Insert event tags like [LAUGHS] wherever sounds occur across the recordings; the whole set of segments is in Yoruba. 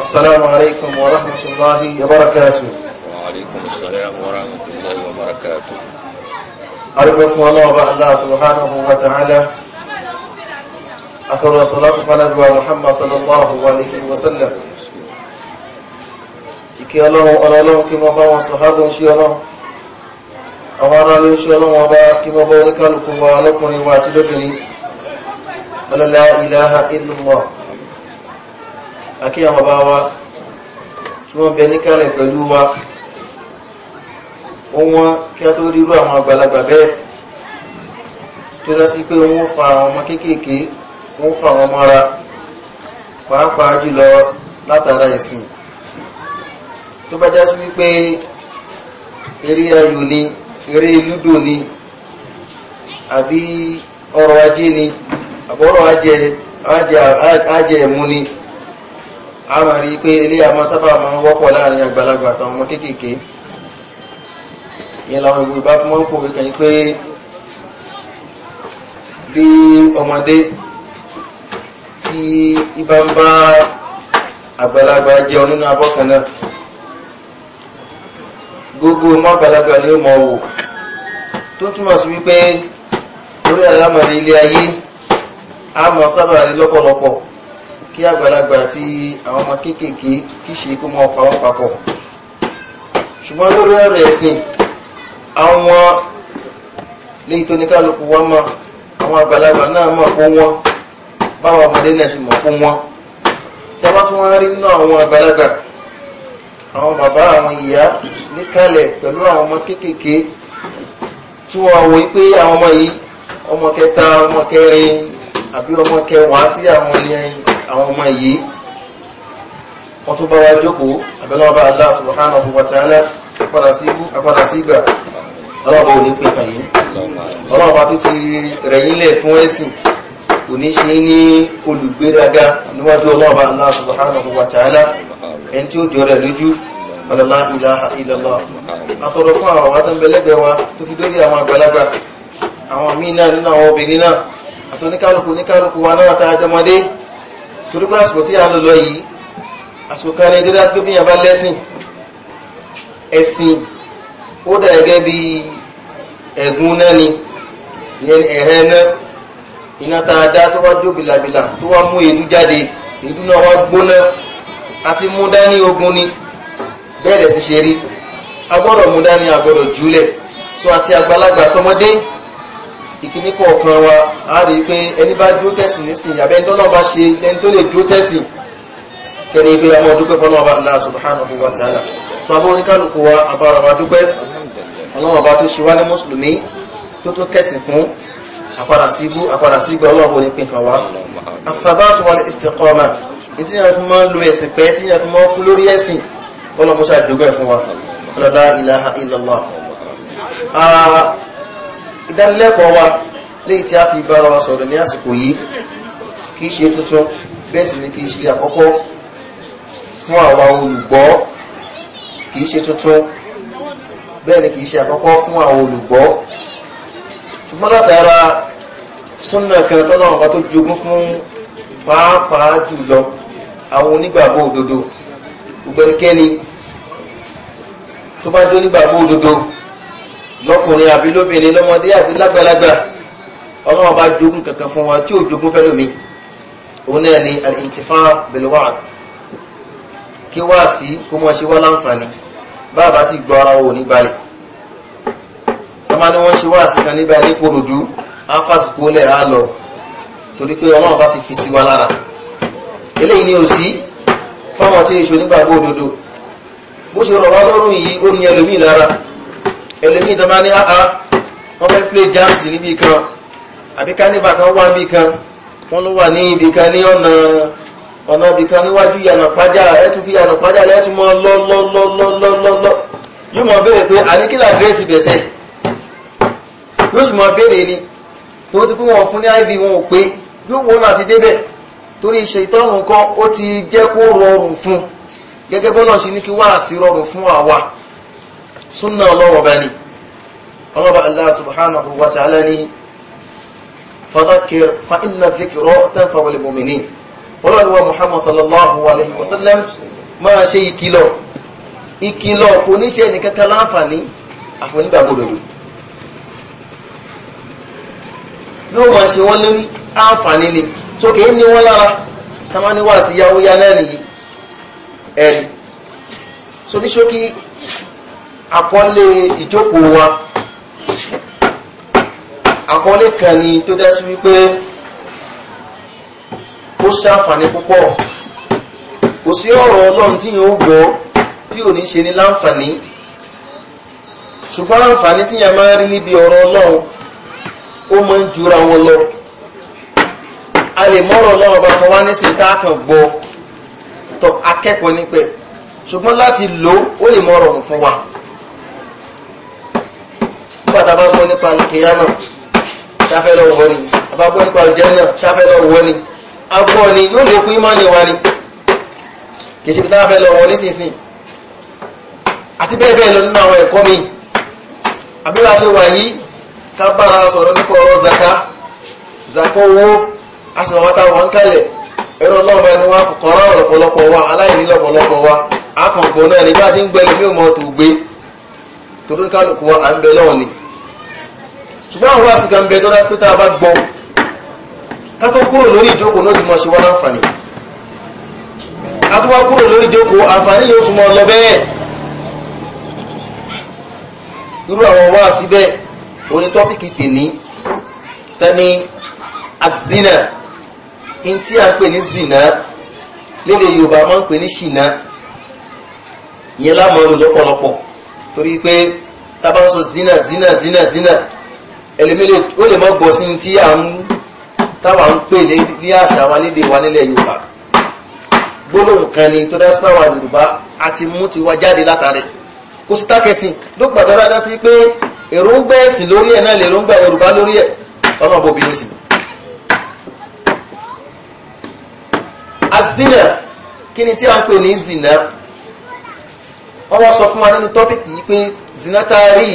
السلام عليكم ورحمة الله وبركاته وعليكم السلام ورحمة الله وبركاته أرغف الله الله سبحانه وتعالى أترى صلاة فلد محمد صلى الله عليه وسلم إكي الله أرى الله كما قام صحابه شيء الله أمارا لي شيء الله وبا كما قولك لكم وعلكم واتبقني ولا لا إله إلا الله akí àwọn bàbá wa tí wọ́n bẹ níkàlẹ̀ pẹ̀lú wa ó wọ́n kí a tó rírú àwọn àgbàlagbà bẹ́ẹ̀ tó dá sí pé wọ́n fa àwọn ọmọ kéékèèké wọ́n fa àwọn mọ́ra pàápàá jùlọ látara ẹ̀sìn tó bá dá sí wípé eré ayò ni eré lúdò ni àbí ọrọ̀ ajé ni àbọ̀rọ̀ ajé ẹ̀mú ni a máa rí i pé ilé àmọ́ sábà máa ń wọ́pọ̀ láàrin àgbàlagbà àtàwọn ọmọ kéékèèké ìyẹn làwọn ìwé bá fún wọn kòwé kan pé bí ọmọdé tí ibà ń bá àgbàlagbà jẹun nínú abọ́ kan náà gbogbo mọ́ àgbàlagbà ni ó mọ̀ wò tó túmọ̀ sí wípé orí àlámọ̀rí ilé ayé a mọ̀ sábà rí lọ́pọ̀lọpọ̀ kí àgbàlagbà àti àwọn ọmọ kéékèèké kí ṣe kó mọ́ ọ̀pá wọn papọ̀ ṣùgbọ́n lórí ọ̀rọ̀ ẹ̀sìn àwọn léyìí tó ní kálukú wọn mọ̀ àwọn àgbàlagbà náà mọ̀ kó wọn báwọn ọmọdé náà ṣe mọ̀ kó wọn tí a bá tún wọn rí nínú àwọn àgbàlagbà àwọn bàbá àwọn ìyá níkàlẹ̀ pẹ̀lú àwọn ọmọ kéékèèké tí wọ́n wò pé àwọn ọmọ yìí ọmọ kẹta ọmọ kẹrin àbí ọmọ kẹwàá sí àwọn ẹni àwọn ọmọ yìí wọ́n tún bá wa jókòó abẹ́lọ́wọ́bá Allah subhanahu wa ta'ala apadà sí ìgbà ọlọ́ọ̀bá ò ní pín kàn yìí ọlọ́ọ̀bá tó ti rẹ̀yìn lẹ̀ fún ẹ̀sìn kò ní ṣe ní olùgbéraga níwájú ọlọ́ọ̀bá Allah subhanahu wa ta'ala ẹni tí ó jọ rẹ̀ lójú ọlọ́lá ilaha illallah atọ́rọ fún àwọn àtàbẹ̀lẹ́gbẹ̀ wa tó fi dórí àwọn àgbàlagbà àwọn míì náà nínú àwọn obìnrin náà àtọ́níkálukú níkálukú torí pé àsìkò tí a ń lò lọ yìí àsìkò kan ní dídá bí yàn lẹ́sìn ẹ̀sìn ó dà gẹ́gẹ́ bí ẹ̀gún náà ni ìyẹn ẹ̀hẹ́ náà iná tá a dá tó wá jó bìlàbìlà tó wá mú èédú jáde èédú náà wá gbóná àti mú dání ogun ni bẹ́ẹ̀ lẹ́sìn ṣe rí a mú dání a gbọ́dọ̀ jùlẹ̀ àti àgbàlagbà tọmọdé ìkíní kọ̀ọ̀kan wa a rí i pé ẹni bá dúró tẹ̀sìn nísìn yàbẹ́ ẹni tó náà bá ṣe ẹni tó lè dúró tẹ̀sìn kẹ́ni pé ọmọ dúpẹ́ fọ́nà ọba Allah subhanahu wa ta'ala sọ abọ́ oníkálukú wa àbára wa dúpẹ́ ọlọ́run ọba tó ṣe wá ní mùsùlùmí tó tó kẹ̀sìn kún àpàdà sí ibú àpàdà sí ibú ọlọ́run onípin kan wa afabatu wal istiqama ìtí yẹn fún máa ń lo ẹ̀sìn pẹ́ tí yẹn fún máa ń kú lórí ẹ̀sìn ọlọ́run ṣàdúgbẹ́ fún wa ọlọ́dá ilaha illallah ah, ìdánilẹ́kọ̀ọ́ wa léyìí tí a fi bára wa sọ̀rọ̀ ní àsìkò yìí kìí ṣe tuntun bẹ́ẹ̀ sì ni kìí ṣe àkọ́kọ́ fún àwọn olùgbọ́ kìí ṣe tuntun bẹ́ẹ̀ ni kìí ṣe àkọ́kọ́ fún àwọn olùgbọ́ ṣùgbọ́n látara súnà kan tọ́lọ́ ọ̀gá tó jogún fún pàápàá jùlọ àwọn onígbàgbọ́ òdodo gbogbo ẹnikẹ́ni tó bá dé onígbàgbọ́ òdodo lọ́kùnrin àbí lóbìnrin lọ́mọdé àbí lágbàlagbà ọlọ́wọ́ bá jogún kankan fún wa tí ò jogún fẹ́ lómi òun náà ni al-intifa bilwa'd kí wá sí kó mọ́ ṣe wá láǹfààní báàbá ti gbọ́ ara wò ní balẹ̀ ọmọ ni wọ́n ṣe wá sí kan níbẹ̀ ní korojú áfàsìkò lẹ̀ á lọ torí pé ọlọ́wọ́ bá ti fi sí wa lára eléyìí ni ò sí fáwọn tí èso nígbàgbọ́ òdodo bó ṣe rọ̀ wá lọ́rùn yìí ó ní ẹlòmíì lára ẹlòmíì tó bá ní áá ah, ah, wọ́n fẹ́ play jams níbi kan àbí carnival kan wà níbi kan wọ́n ló wà ní ibi kan ní ọ̀nà ọ̀nà ibi kan níwájú ìyànà pàjá ẹ̀tún fi ìyànà pàjá lẹ́tún mọ́ lọ́lọ́lọ́lọ́lọ́ yóò mọ̀ béèrè pé àníkílà dírẹ́sì bẹ̀sẹ̀ yóò sì mọ̀ béèrè ni tó ti pé wọn fún ní iv wọn ò pé yóò wọ́n láti débẹ̀ torí iṣẹ́ ìtọ́rùn kan ó ti jẹ́ kó rọrùn fún gẹ́gẹ́ bọ́lá ṣe ní kí wá àsí fún àwa súnà ọlọ́wọ́ bá ní ọlọ́ba Allah subhanahu wa ta'ala ní fadakir fa inna dhikra tanfa'u lil mu'minin ọlọ́run Muhammad sallallahu alayhi wa sallam máa ṣe ìkìlọ̀ ìkìlọ̀ kò ní ṣe ẹnìkankan láǹfààní àfọ̀nígbàgbọ́dọ̀ lò yóò máa àkọlé ìjókòó wa àkọlé kan ni tó dẹ́sí wípé ó ṣàǹfààní púpọ̀ kò sí ọ̀rọ̀ ọlọ́run tí yẹn ó gbọ́ tí ò ní ṣe ní láǹfààní ṣùgbọ́n àǹfààní tí yẹn máa rí níbi ọ̀rọ̀ ọlọ́run ó máa ń jura wọn lọ a lè mọ́rọ̀ ọlọ́run ọba kan wá nísìnyí tá gbọ́ tọ akẹ́kọ̀ọ́ nípẹ̀ ṣùgbọ́n láti lò ó lè mọ́rọ̀ ọ̀hún fún wa nígbàtà bá gbọ́ nípa kìyàmà sáfẹ́ lọ wọ́ ni àbá gbọ́ nípa àlùjànnà sáfẹ́ lọ wọ́ ni agbọ́ ni yóò lékún ìmánì wa ni kì í ṣe bí táwọn fẹ́ lọ wọ́ nísinsìnyí àti bẹ́ẹ̀ bẹ́ẹ̀ lọ nínú àwọn ẹ̀kọ́ mi àbí wàá wà yìí ká bára sọ̀rọ̀ nípa ọ̀rọ̀ zaka zaka owó aṣọ̀wátà wọn kálẹ̀ ẹ̀rọ ọlọ́ọ̀bá ni wọ́n kọ́ra ọ̀pọ̀lọpọ̀ wa aláìní lọ́pọ̀lọpọ̀ wa akọ̀ǹgbọ̀n náà nígbà tí ń gbẹ́lẹ̀ mí ò mọ̀ tó gbé torí kálukú wa à ń bẹ lọ́wọ́ ṣùgbọ́n àwọn wáàsí gan bẹ tó dá pé tá a bá gbọ́ ká tó kúrò lórí ìjókòó náà ti mọ̀ ṣe wá láǹfààní ká kúrò lórí ìjókòó àǹfààní yóò tún mọ̀ lọ bẹ́ẹ̀ irú àwọn wáàsí bẹ́ẹ̀ oní tọ́pìkì tèmi tani azina in tí ń pè ní zina lédè Yorùbá máa ń pè ní ṣìnà ìyẹn lámọ̀ lọ́pọ̀lọpọ̀ torí pé tá ń sọ zina zina zina zina. zina ẹlẹ́mílẹ̀ ó lè mọ́ bọ́ sí tí à ń táwa ń pè ní àṣà wa lédè wa nílẹ̀ yorùbá gbólóhùn kan ni tó dásí pàwà yorùbá a ti mú ti wá jáde látàrí kò sí tákẹ́sìn ló gbàgbọ́ dáadáa sí pé èròǹgbà ẹ̀sìn lórí ẹ̀ náà lè èròǹgbà yorùbá lórí ẹ̀ ọlọ́run bó bínú sí azina kí ni tí a ń pè ní zina wọ́n wá sọ fún wa nínú tọ́pìkì yìí pé zina tá rí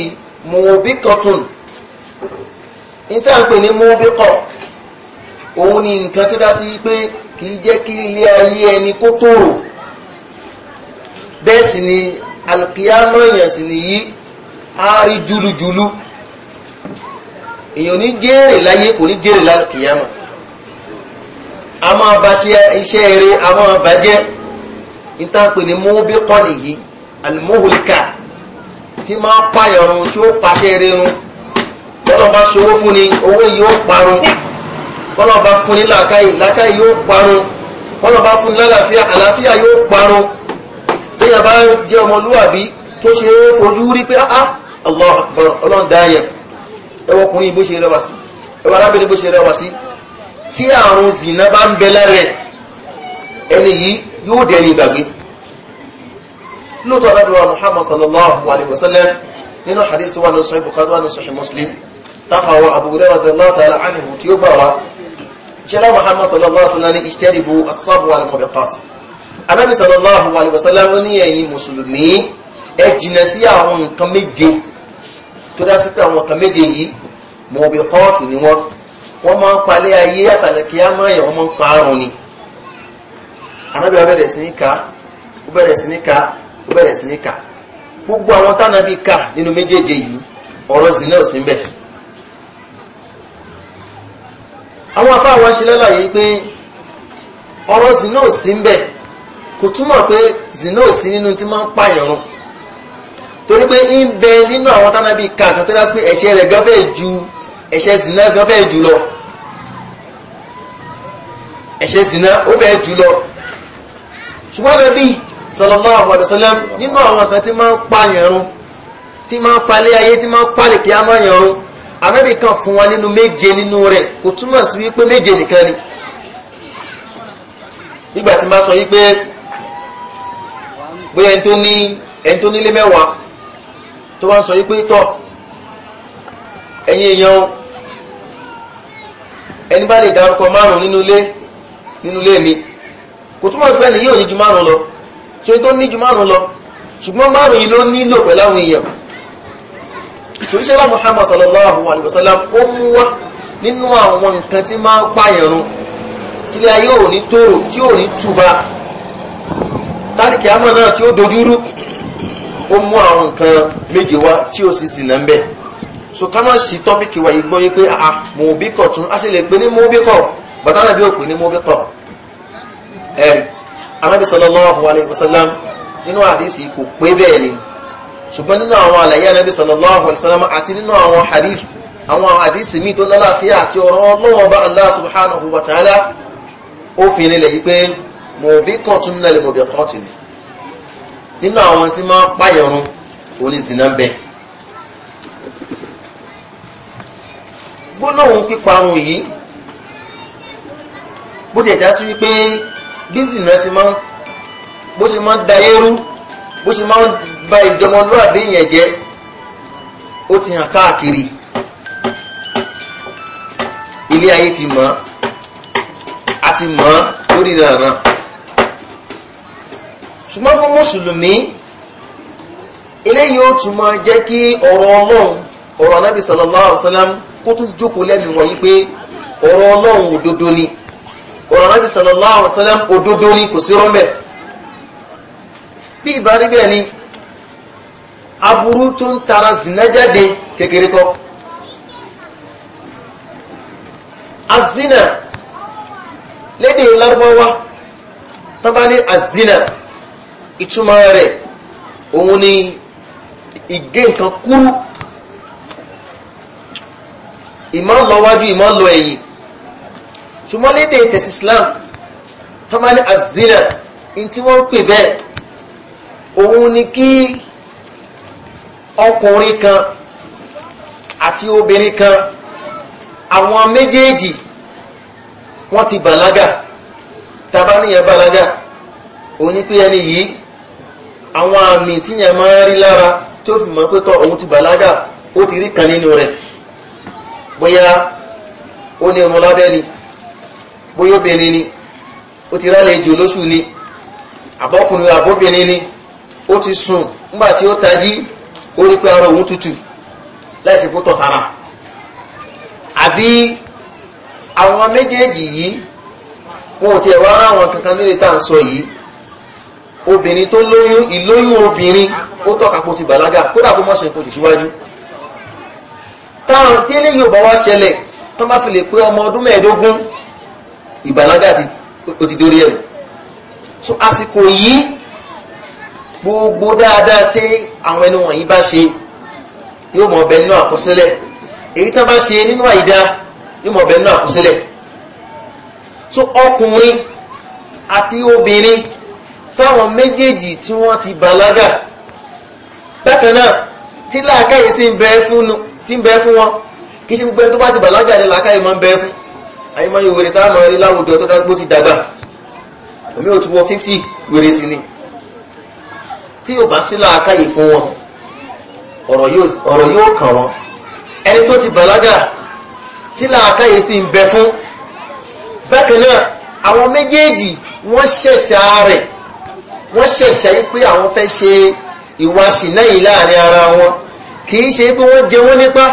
mọ̀ọ́bí kọ́tún ìfẹ́ ń pè ní múbíkọ̀ òun ni nǹkan tó dá sí pé kì í jẹ́ kí ilé ayé ẹni kó tòrò bẹ́ẹ̀ sì ni alkiyama èèyàn sì ni yí á rí júlujùlu èèyàn ní jèrè láyé kò ní jèrè lálkiyama a máa bá iṣẹ́ eré a máa bá jẹ́ ìtàn pè ní múbíkọ̀ nìyí alimuhulika tí máa pààyàn run tí ó pàṣẹ eré run tọ́lọ́ bá ṣòwò fún ni owó yìí ó parun tọ́lọ́ bá fún ni làákàyè làákàyè yóò parun tọ́lọ́ bá fún ni lálàáfíà àlàáfíà yóò parun téèyàn bá jẹ́ ọmọlúwàbí tó ṣe é fojú rí pé ah, ah allah akbar ọlọ́run dá yẹn ẹwọ ọkùnrin bó ṣe rẹwà sí ẹwọ arábìnrin bó ṣe rẹwà sí tí àrùn zìnà bá ń bẹ lára ẹ ẹni yìí yóò dẹni ìgbàgbé lóòótọ́ alábìnrin wa muhammad sallallahu alayhi wa sallam nínú hadith wa nínú sahih bukhari wa nínú sahih muslim táfàwọ̀ àbúrẹ́ radiyallahu ta'ala anhu tí ó gbà wá ṣẹlá muhammad sallallahu alaihi wasallam ní ìṣẹ́rìbò asábò al-mubiqat anábì sallallahu alaihi wasallam ní ẹ̀yin mùsùlùmí ẹ jìnà sí àwọn nǹkan méje tó dá sí pé àwọn nǹkan méje yìí mubiqat ni wọ́n wọ́n máa ń palẹ̀ ayé àtàlẹ̀kẹ́ àmáyẹ̀ wọ́n máa ń parun ni anábì wa bẹ̀rẹ̀ sí ní ká ó gbogbo àwọn tánàbí ká nínú méjèèje yìí ọ̀rọ̀ zina ò sí ń bẹ̀ àwọn afáwọn ṣe lálàyé pé ọ̀rọ̀ zina ò sí ń bẹ̀ kò túmọ̀ pé zina ò sí nínú tí máa ń pààyàn rún torí pé ń bẹ nínú àwọn tánábì ká kan tó dá sí pé ẹ̀ṣẹ̀ rẹ̀ gan fẹ́ ju ẹ̀ṣẹ̀ zina gan fẹ́ jù lọ ẹ̀ṣẹ̀ zina ó fẹ́ jù lọ ṣùgbọ́n nàbí sallallahu alaihi wasallam nínú àwọn kan tí máa ń pààyàn rún tí máa ń palẹ̀ ayé tí máa ń palẹ̀ kí á máa yàn rún ànábì kan fún wa nínú méje nínú rẹ̀ kò túmọ̀ sí wípé méje nìkan ni nígbà tí máa sọ wípé bóyá ẹni tó ní ẹni tó nílé mẹ́wàá tó wá ń sọ wípé tọ̀ ẹ̀yin èèyàn ẹni bá lè dárúkọ márùn nínú ilé nínú ilé mi kò túmọ̀ sí pé ẹni yóò ní ju márùn lọ tí ó ní ju márùn lọ ṣùgbọ́n márùn yìí ló nílò pẹ̀láwọn èèyàn tòṣẹ́ bá Muhammad sallallahu alayhi wa sallam ó mú wá nínú àwọn nǹkan tí máa ń pààyàn run tílé ayé ò ní tòrò tí ò ní túba tálíkì àmọ́ náà tí ó dojúrú ó mú àwọn nǹkan méje wá tí ó sì sìnà ń bẹ̀ so ká má sí tọ́pìkì wa igbó yí pé a mòbíkọ̀ tún a sì lè pè ní mòbíkọ̀ bàtà náà bí ó pè ní mòbíkọ̀ ẹ̀rì anábì sallallahu alayhi wa sallam nínú àdìsí kò pé bẹ́ẹ̀ ni ṣùgbọ́n nínú àwọn àlàyé anábì sallallahu alaihi wasallam àti nínú àwọn hadith àwọn àdísì míì tó lálàáfíà àti ọ̀rọ̀ ọlọ́wọ́n bá Allah subhanahu wa ta'ala ó fi nílẹ̀ yí pé mọ̀bí kọ̀tún nílẹ̀ lè mọ̀bí kọ̀tún ni nínú àwọn tí máa ń pàyẹ̀rún òní zina ń bẹ. píparun yìí bó ti ẹ̀dá sí wípé bí zina ṣe máa ń bó ṣe máa ń da eérú bó ṣe máa ń ba ìdọmọlúwàbí yẹn jẹ́ ó ti hàn káàkiri ilé ayé ti mọ̀ a ti mọ̀ lórí ìlànà ṣùgbọ́n fún mùsùlùmí eléyìí ó tún máa jẹ́ kí ọ̀rọ̀ ọlọ́run ọ̀rọ̀ anábì sallallahu alaihi wasallam kó tún jókòó lẹ́nu wọ̀nyí pé ọ̀rọ̀ ọlọ́run òdodo ni ọ̀rọ̀ anábì sallallahu alaihi wasallam òdodo ni kò sí rọ́mẹ̀ bí ìbá rí bẹ́ẹ̀ ni aburú tó ń tara zina kékeré kọ́ azina lédè Lárúbáwá tó azina ìtumọ̀ rẹ̀ òun ni ìgé nǹkan kúrú ìmọ̀ lọ wájú ìmọ̀ lọ ẹ̀yìn ṣùgbọ́n lédè tẹ̀sí Islam tó azina ní tí wọ́n pè bẹ́ẹ̀ òun ni kí ọkùnrin kan àti obìnrin kan àwọn méjèèjì wọ́n ti bàlágà tabaníyàn bàlágà òní pé ẹni yìí àwọn àmì tíyàn máa rí lára tí ó fi mọ̀ pé tọ́ òun ti bàlágà ó ti rí kan nínú rẹ̀ bóyá ó ní ọmọ lábẹ́ ni bóyá obìnrin ni ó ti rálẹ̀ jù lóṣù ni àbọ́kùnrin àbóbìnrin ni ó ti sùn nígbà tí ó tají ó rí pé ọrọ̀ òun tútù láìsí kó tọ̀ sára àbí àwọn méjèèjì yìí wọn ò tiẹ̀ wá ráwọn kankan nílé tá à ń sọ yìí obìnrin tó lóyún ìlóyún obìnrin ó tọ́ka kó ti bàlágà kódà kó mọ̀ṣẹ̀ kó ṣùṣúwájú táwọn tí eléyìí ò bá wá ṣẹlẹ̀ tó bá fi lè pé ọmọ ọdún mẹ́ẹ̀ẹ́dógún ìbàlágà ti ó ti dórí ẹ̀rù so àsìkò yìí gbogbo dáadáa tí àwọn ẹni wọ̀nyí bá ṣe yóò mọ̀ ọbẹ̀ nínú àkọsílẹ̀ èyí tán bá ṣe nínú àyídá yóò mọ̀ ọbẹ̀ nínú àkọsílẹ̀ so ọkùnrin àti obìnrin táwọn méjèèjì tí wọ́n ti bàlágà bákan náà tí làákàyè sí ń bẹ fún wọn kì í ṣe gbogbo ẹni tó bá ti bàlágà ni làákàyè máa ń bẹ fún àyè máa táwọn ẹni láwùjọ tó dágbó ti dàgbà omi ò túbọ̀ fifty wèrè sí ni tí yóò bá sílọ akáyè fún wọn ọ̀rọ̀ yóò kàn wọ́n ẹni tó ti bàlágà tí làákàyè sì ń bẹ fún bákan náà àwọn méjèèjì wọ́n ṣẹ̀ṣà rẹ̀ wọ́n ṣẹ̀ṣà yí pé àwọn fẹ́ ṣe ìwàṣì lẹ́yìn láàrin ara wọn kì í ṣe pé wọ́n jẹ wọ́n nípa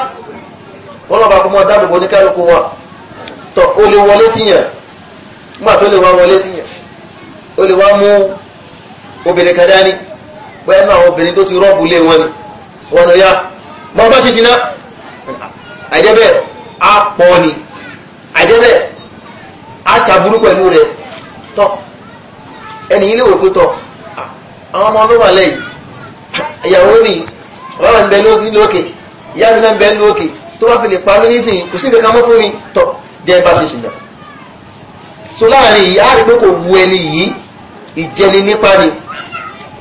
wọ́n lọ́ba kó mọ́ dáàbòbò oníkálukú wa tọ́ ó lè wọlé tìyàn nígbà tó lè wá wọlé tìyàn ó lè wá mú obìnrin kan dání bẹ́ẹ̀ náà àwọn obìnrin tó ti rọ́ọ̀bù lé wọn ni wọn ni ya bọ́n bá ṣiṣi ná àìjẹ́bẹ̀ á pọ̀ ni àìjẹ́bẹ̀ á ṣàbúrú pẹ̀lú rẹ̀ tọ́ ẹni ilé òkú tọ́ àwọn ọmọ ló lẹ́yìn ìyàwó ni ọ̀rọ̀ ń bẹ lókè ìyá mi náà ń bẹ lókè tó bá fi lè pa mí nísìnyí kò sí nǹkan kan mọ́ fún mi tọ́ jẹ́ bá ṣiṣi náà so láàrin yìí á rí pé kò wu ẹni yìí ìjẹni nípa ni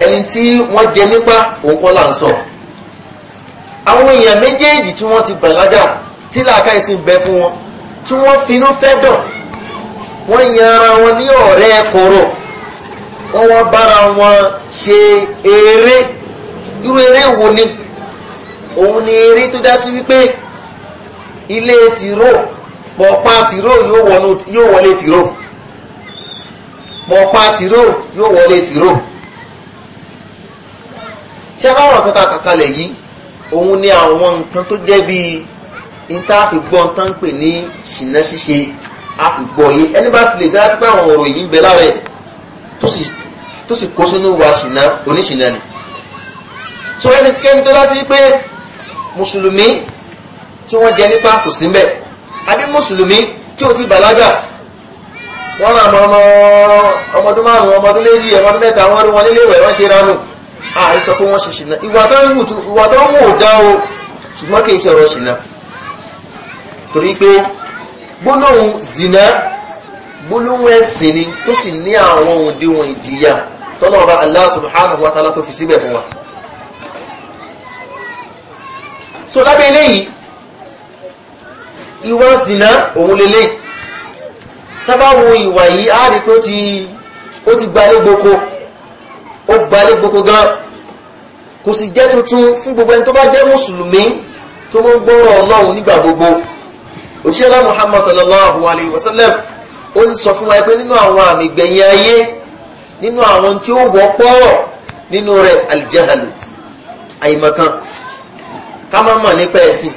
ẹni tí wọ́n jẹ nípa òun kọ́ là ń sọ àwọn èèyàn méjèèjì tí wọ́n ti bàlágà tí làákà ìsìn bẹ fún wọn tí wọ́n finú fẹ́ dọ̀ wọ́n yanra wọn ní ọ̀rẹ́ kòrò wọ́n wá bára wọn ṣe eré irú eré wo ni òun ni eré tó dá sí wípé ilé tìró pọ̀pá tìró yóò wọlé tìró pọ̀pá tìró yóò wọlé tìró ṣé abáwọn nǹkan tá a kàkalẹ̀ yìí òun ni àwọn nǹkan tó jẹ́ bíi níta fi gbọ́ tán ń pè ní ṣìnà ṣíṣe a fi gbọ́ yìí ẹni bá fi lè dá sí pé àwọn ọ̀rọ̀ yìí ń bẹ lára ẹ̀ tó sì kó sínú wa ṣìnà oníṣìnà ni tó ẹnikẹ́ni tó dá sí pé mùsùlùmí tí wọ́n jẹ nípa kò sí mbẹ̀ àbí mùsùlùmí tí ò ti bàlágà wọ́n ràn ọmọ ọmọdún márùn-ún ọmọdún méjì ọmọdún mẹ́ta wọ́n rí wọn níléèwé wọ́n ṣe ránù àì sọ pé wọ́n ṣe ṣìnà ìwà tó ń wù tó ìwà tó ń wù ò dá o ṣùgbọ́n kì í ṣe ọ̀rọ̀ ṣìnà torí pé gbólóhùn zìnà gbólóhùn ẹ̀sìn ni tó sì ní àwọn òdiwọ̀n ìjìyà tọ́lọ́ọ̀bá Allah subhanahu wa ta'ala tó fi síbẹ̀ fún wa so lábẹ́ eléyìí ìwà zina òun lélẹ́yìí tábà wo ìwà yìí á rí pé ó ti gbalé gboko ó balẹ̀ gbogbo gan kò sì jẹ́ tuntun fún gbogbo ẹni tó bá jẹ́ mùsùlùmí tó mọ́ ń gbọ́rọ̀ ọlọ́run nígbà gbogbo òṣìṣẹ́lá muhammad sallallahu alayhi wa sallam ó ń sọ fún wa pé nínú àwọn àmì gbẹ̀yìn ayé nínú àwọn tí ó wọ́pọ̀ nínú rẹ̀ alìjẹ́hàlù àyìmọ̀kan ká má mọ̀ nípa ẹ̀sìn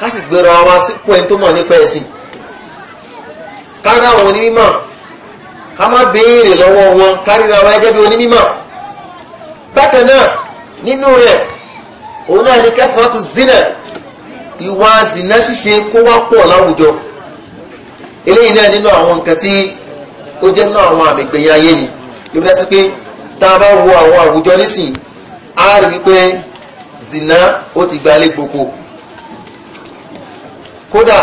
ká sì gbéra wa sípò ẹni tó mọ̀ nípa ẹ̀sìn ká rá àwọn onímọ̀ ká má béèrè lọ́wọ́ wọn ká ríra wa gẹ́gẹ́ bí onímọ̀ bákan náà nínú rẹ̀ òun náà ni kẹfàtú zina ìwà zina ṣíṣe kó wá pọ̀ láwùjọ eléyìí náà nínú àwọn nǹkan tí ó jẹ́ náà àwọn àmì gbẹ̀yìn ayé ni ìwé sí pé tá a bá wo àwọn àwùjọ nísìn á rí wípé zina ó ti gbalé gboko kódà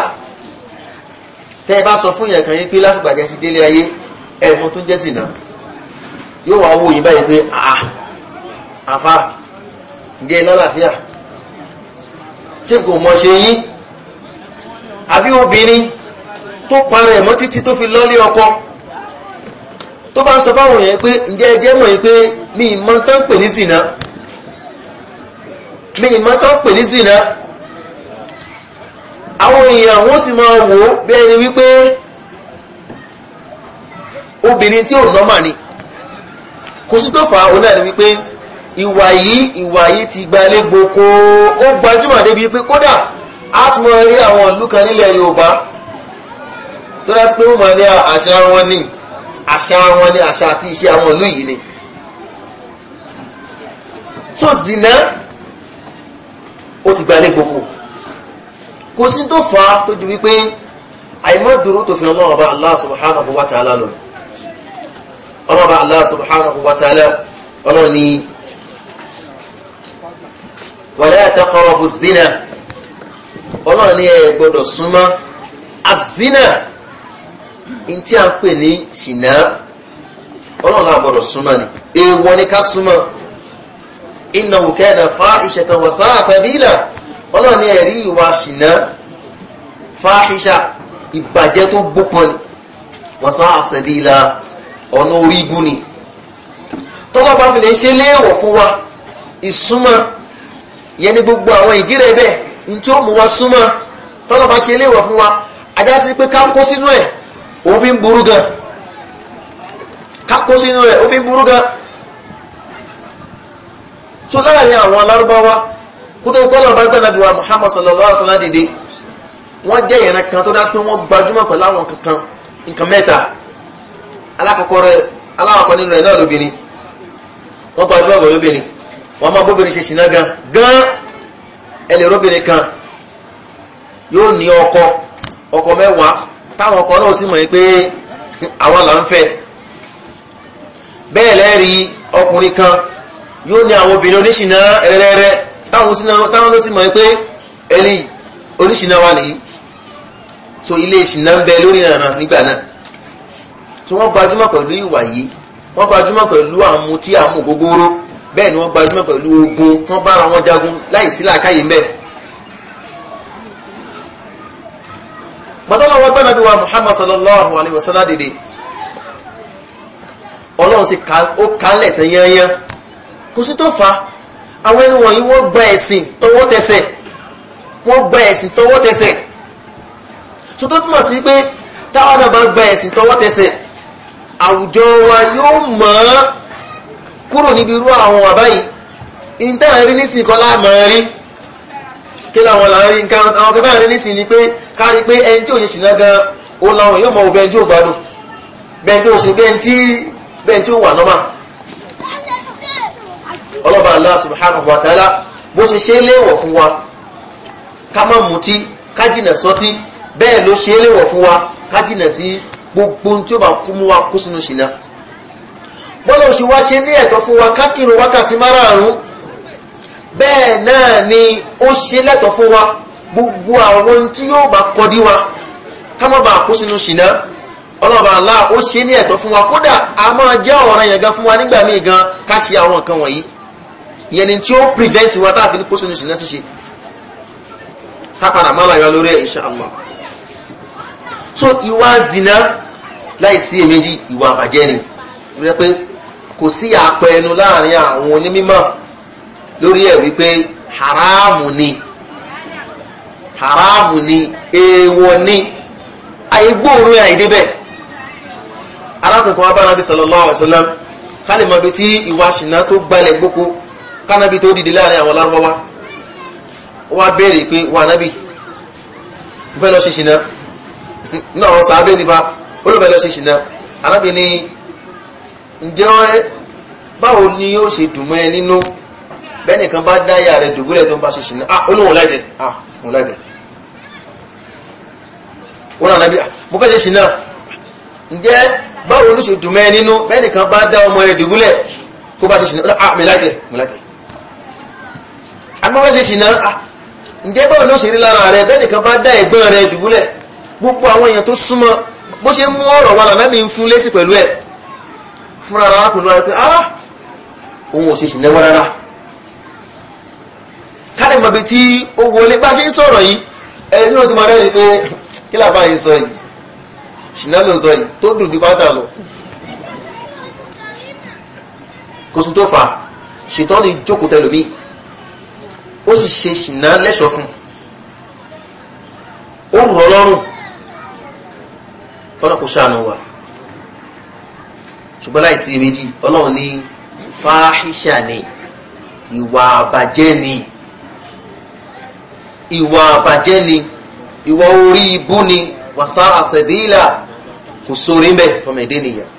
tẹ́ ẹ bá sọ fún yẹn kan yín pé lásìgbàjẹ́ ti délé ayé ẹ̀wọ̀n tó jẹ́ zina yóò wá wò yín báyìí pé àà afa, ǹdí ẹ̀nà làfíà tí kò mọ̀ ṣe yín àbí obìnrin tó parẹ̀ ẹ̀mọ́ títí tó fi lọ́lé ọkọ tó bá ń sọ fáwọn èèyàn pé ǹdí ẹjẹ́ mọ̀ yí pé mi ìmọ̀ tán pè ní sìnà mi ìmọ̀ tán pè ní sìnà àwọn èèyàn wọ́n sì máa wò ó bí ẹni wípé obìnrin tí ò nọ́mà ni kò sí tó fà á òun náà ni wípé ìwà yìí ìwà yìí ti gbalé gboko ó gbajúmọ̀ débi pé kódà a tún mọ rí àwọn ìlú kan nílẹ̀ yorùbá tó dá sí pé wọ́n mọ̀ ní àṣà wọn ní àṣà wọn ní àṣà àti ìṣe àwọn ìlú yìí ni tó zìnà ó ti gbalé gboko kò sí tó fà á tó ju wípé àìmọ́ dúró tó fi ọlọ́run ọba Allah subhanahu wa ta'ala lọ ọlọ́run ọba Allah subhanahu wa ta'ala ọlọ́run wala taqrabu zina ọlọ́run ni ẹ gbọ́dọ̀ súnmọ́ azina ní tí a ń pè ní ṣìnà ọlọ́run náà gbọ́dọ̀ súnmọ́ ni èèwọ̀ ni ká súnmọ́ innahu kana fahishatan wa sa'a sabila ọlọ́run ní ẹ̀rí ìwà ṣìnà fáhíṣà ìbàjẹ́ tó gbópọn ni wa sa'a sabila ọ̀nà orí ibú ni tọ́lá bá fi lè ṣe léèwọ̀ fún wa ìsúnmọ́ ìyẹn ni gbogbo àwọn ìjírẹ̀ bẹ́ẹ̀ ní tí ó mú wa súnmọ́ tọ́lọ́ bá ṣe léèwọ̀ fún wa ajá sí pé ká kó sínú ẹ̀ òfin burú gan ká kó sínú ẹ̀ òfin burú gan tó láàrin àwọn alárúbáwá kótó gbọ́dọ̀ bá gbọ́dọ̀ bí wa Muhammad sallallahu alaihi wa sallam dìde wọ́n jẹ́ ìran kan tó dá pé wọ́n gbajúmọ̀ pẹ̀lú àwọn kankan nǹkan mẹ́ta alákọ̀ọ́kọ́ rẹ̀ aláwọ̀kọ́ nínú ẹ̀ náà lóbìnrin wọ́n gbajúmọ̀ pẹ̀lú obìnrin wọ́n máa bóbìnrin ṣe ṣìnà gan gan ẹlẹ́rọ́bìnrin kan yóò ní ọkọ ọkọ mẹ́wàá táwọn ọkọ náà sì mọ̀ pé àwọn là ń fẹ́ bẹ́ẹ̀ ọkùnrin kan yóò ní àwọn obìnrin oníṣìnà ẹ̀rẹ́rẹ́ táwọn ló sì mọ̀ pé ẹni eli wà nìyí so ilé ìṣìnà ń bẹ lórí ìrànà nígbà náà so wọ́n gbajúmọ̀ pẹ̀lú ìwà yìí wọ́n gbajúmọ̀ pẹ̀lú àmú tí àmú bẹ́ẹ̀ ni wọ́n gbajúmọ̀ pẹ̀lú ogun wọ́n bára wọn jagun láì sí làákàyè mbẹ́. gbadọ́lọ́ wọn bẹ́ẹ̀ nàbí wa Muhammad sallallahu alayhi wa sallam dìde ọlọ́run sì ó kálẹ̀ tán yányán kò sí tó fa àwọn ẹni wọ̀nyí wọ́n gba ẹ̀sìn tọwọ́ tẹsẹ̀ wọ́n gba ẹ̀sìn tọwọ́ tẹsẹ̀ tó tó túmọ̀ sí pé táwọn náà bá gba ẹ̀sìn tọwọ́ tẹsẹ̀ àwùjọ wa yóò mọ̀ ọ́ kúrò níbi irú àwọn wà báyìí ìntẹ́ rí nísìn kan láàmà rí kí láwọn láàrin nǹkan àwọn kẹfẹ́ rí nísìn ni pé kárí pé ẹni tí ò ní ṣìnà gan ó láwọn yóò mọ̀ bẹ́ẹ̀ tí ò gbádùn bẹ́ẹ̀ tí ò ṣe bẹ́ẹ̀ tí bẹ́ẹ̀ tí ò wà nọ́mà ọlọ́ba Allah subhanahu wa ta'ala bó ṣe ṣe léèwọ̀ fún wa ká má mutí ká jìnà sọtí bẹ́ẹ̀ ló ṣe léèwọ̀ fún wa ká jìnà sí gbogbo tí ó bá kú mú wa kó sínú ṣìnà bọ́lá oṣù wa ṣe ní ẹ̀tọ́ fún wa kákìrún wákàtí márààrún bẹ́ẹ̀ náà ni ó ṣe lẹ́tọ̀ fún wa gbogbo àwọn tí yóò bá kọdí wa ká má bàa kó sínú ṣìnà ọlọ́ba ńlá ó ṣe ní ẹ̀tọ́ fún wa kódà a máa jẹ́ ọ̀ràn yẹn gan fún wa nígbà míì gan ká ṣe àwọn nǹkan wọ̀nyí ìyẹn ni tí ó prevent wa tá a fi ní kó sínú ṣìnà ṣíṣe ká padà má láyọ lórí ẹ̀ insha so ìwà zina láì sí èméjì ìwà àbàjẹ́ ni rẹ pé kò sí àpẹẹnu láàrin àwọn onímọ̀ lórí ẹ̀ wípé haramu ni haramu ni èèwọ̀ ni àìgbóòrùn àìdébẹ̀ arákùnkùn abánabi sallallahu alaihi wasallam kálímọ̀ bíi tí ìwà ṣìnà tó gbalẹ̀ gboko kánábi tó dìde láàrin àwọn lárúbáwá ó wá béèrè pé wà nábì mo fẹ́ lọ ṣe ṣìnà [LAUGHS] nínú àwọn nípa ó ló ṣe ṣìnà arábìnrin ǹjẹ́ báwo ni ó ṣe dùn mọ́ ẹ nínú bẹ́nìkan bá dá ìyá rẹ̀ dùbúlẹ̀ tó ń bá ṣe ṣìnà ah olóhùn láìdẹ̀ ah òun láìdẹ̀ wọn náà lábí ah, mo fẹ́ ṣe ṣìnà ǹjẹ́ báwo ló ṣe dùn mọ́ ẹ nínú bẹ́nìkan bá dá ọmọ rẹ̀ dùbúlẹ̀ tó bá ṣe ṣìnà ah mi láìdẹ̀ mo láìdẹ̀ àmọ́ fẹ́ ṣe ṣìnà ah ǹjẹ́ báwo ló ṣe rí lára rẹ̀ bẹ́nìkan bá dá ẹ̀gbọ́n rẹ̀ dùbúlẹ̀ gbogbo àwọn èèyàn tó súnmọ́ bó ṣe mú ọ̀rọ̀ wa lànà mi ń fún lésì pẹ̀lú ẹ̀ fúnra rárá kò lọ́wọ́ pé ah òun ò ṣe ṣìnà wọn rárá kálẹ̀ mọ̀ bí tí ó wọlé bá ṣe ń sọ̀rọ̀ yìí ẹni tí wọ́n ti máa rẹ́ ni pé kí làbá yìí sọ yìí ṣìnà ló sọ yìí tó dùn bí fátà lọ kò sùn tó fà ṣètọ́ ni jókòó tẹlómi ó sì ṣe ṣìnà lẹ́ṣọ̀ fún ó rọ̀ lọ́rùn tọ́lá kò ṣàánú wa ṣùgbọ́n láìsí méjì ọlọ́run ní fáhíṣà ni ìwà àbàjẹ́ ni ìwà àbàjẹ́ ni ìwà orí ibú ni wàsá àṣẹ̀bílà kò sórí ń bẹ̀ fọmọdé nìyẹn.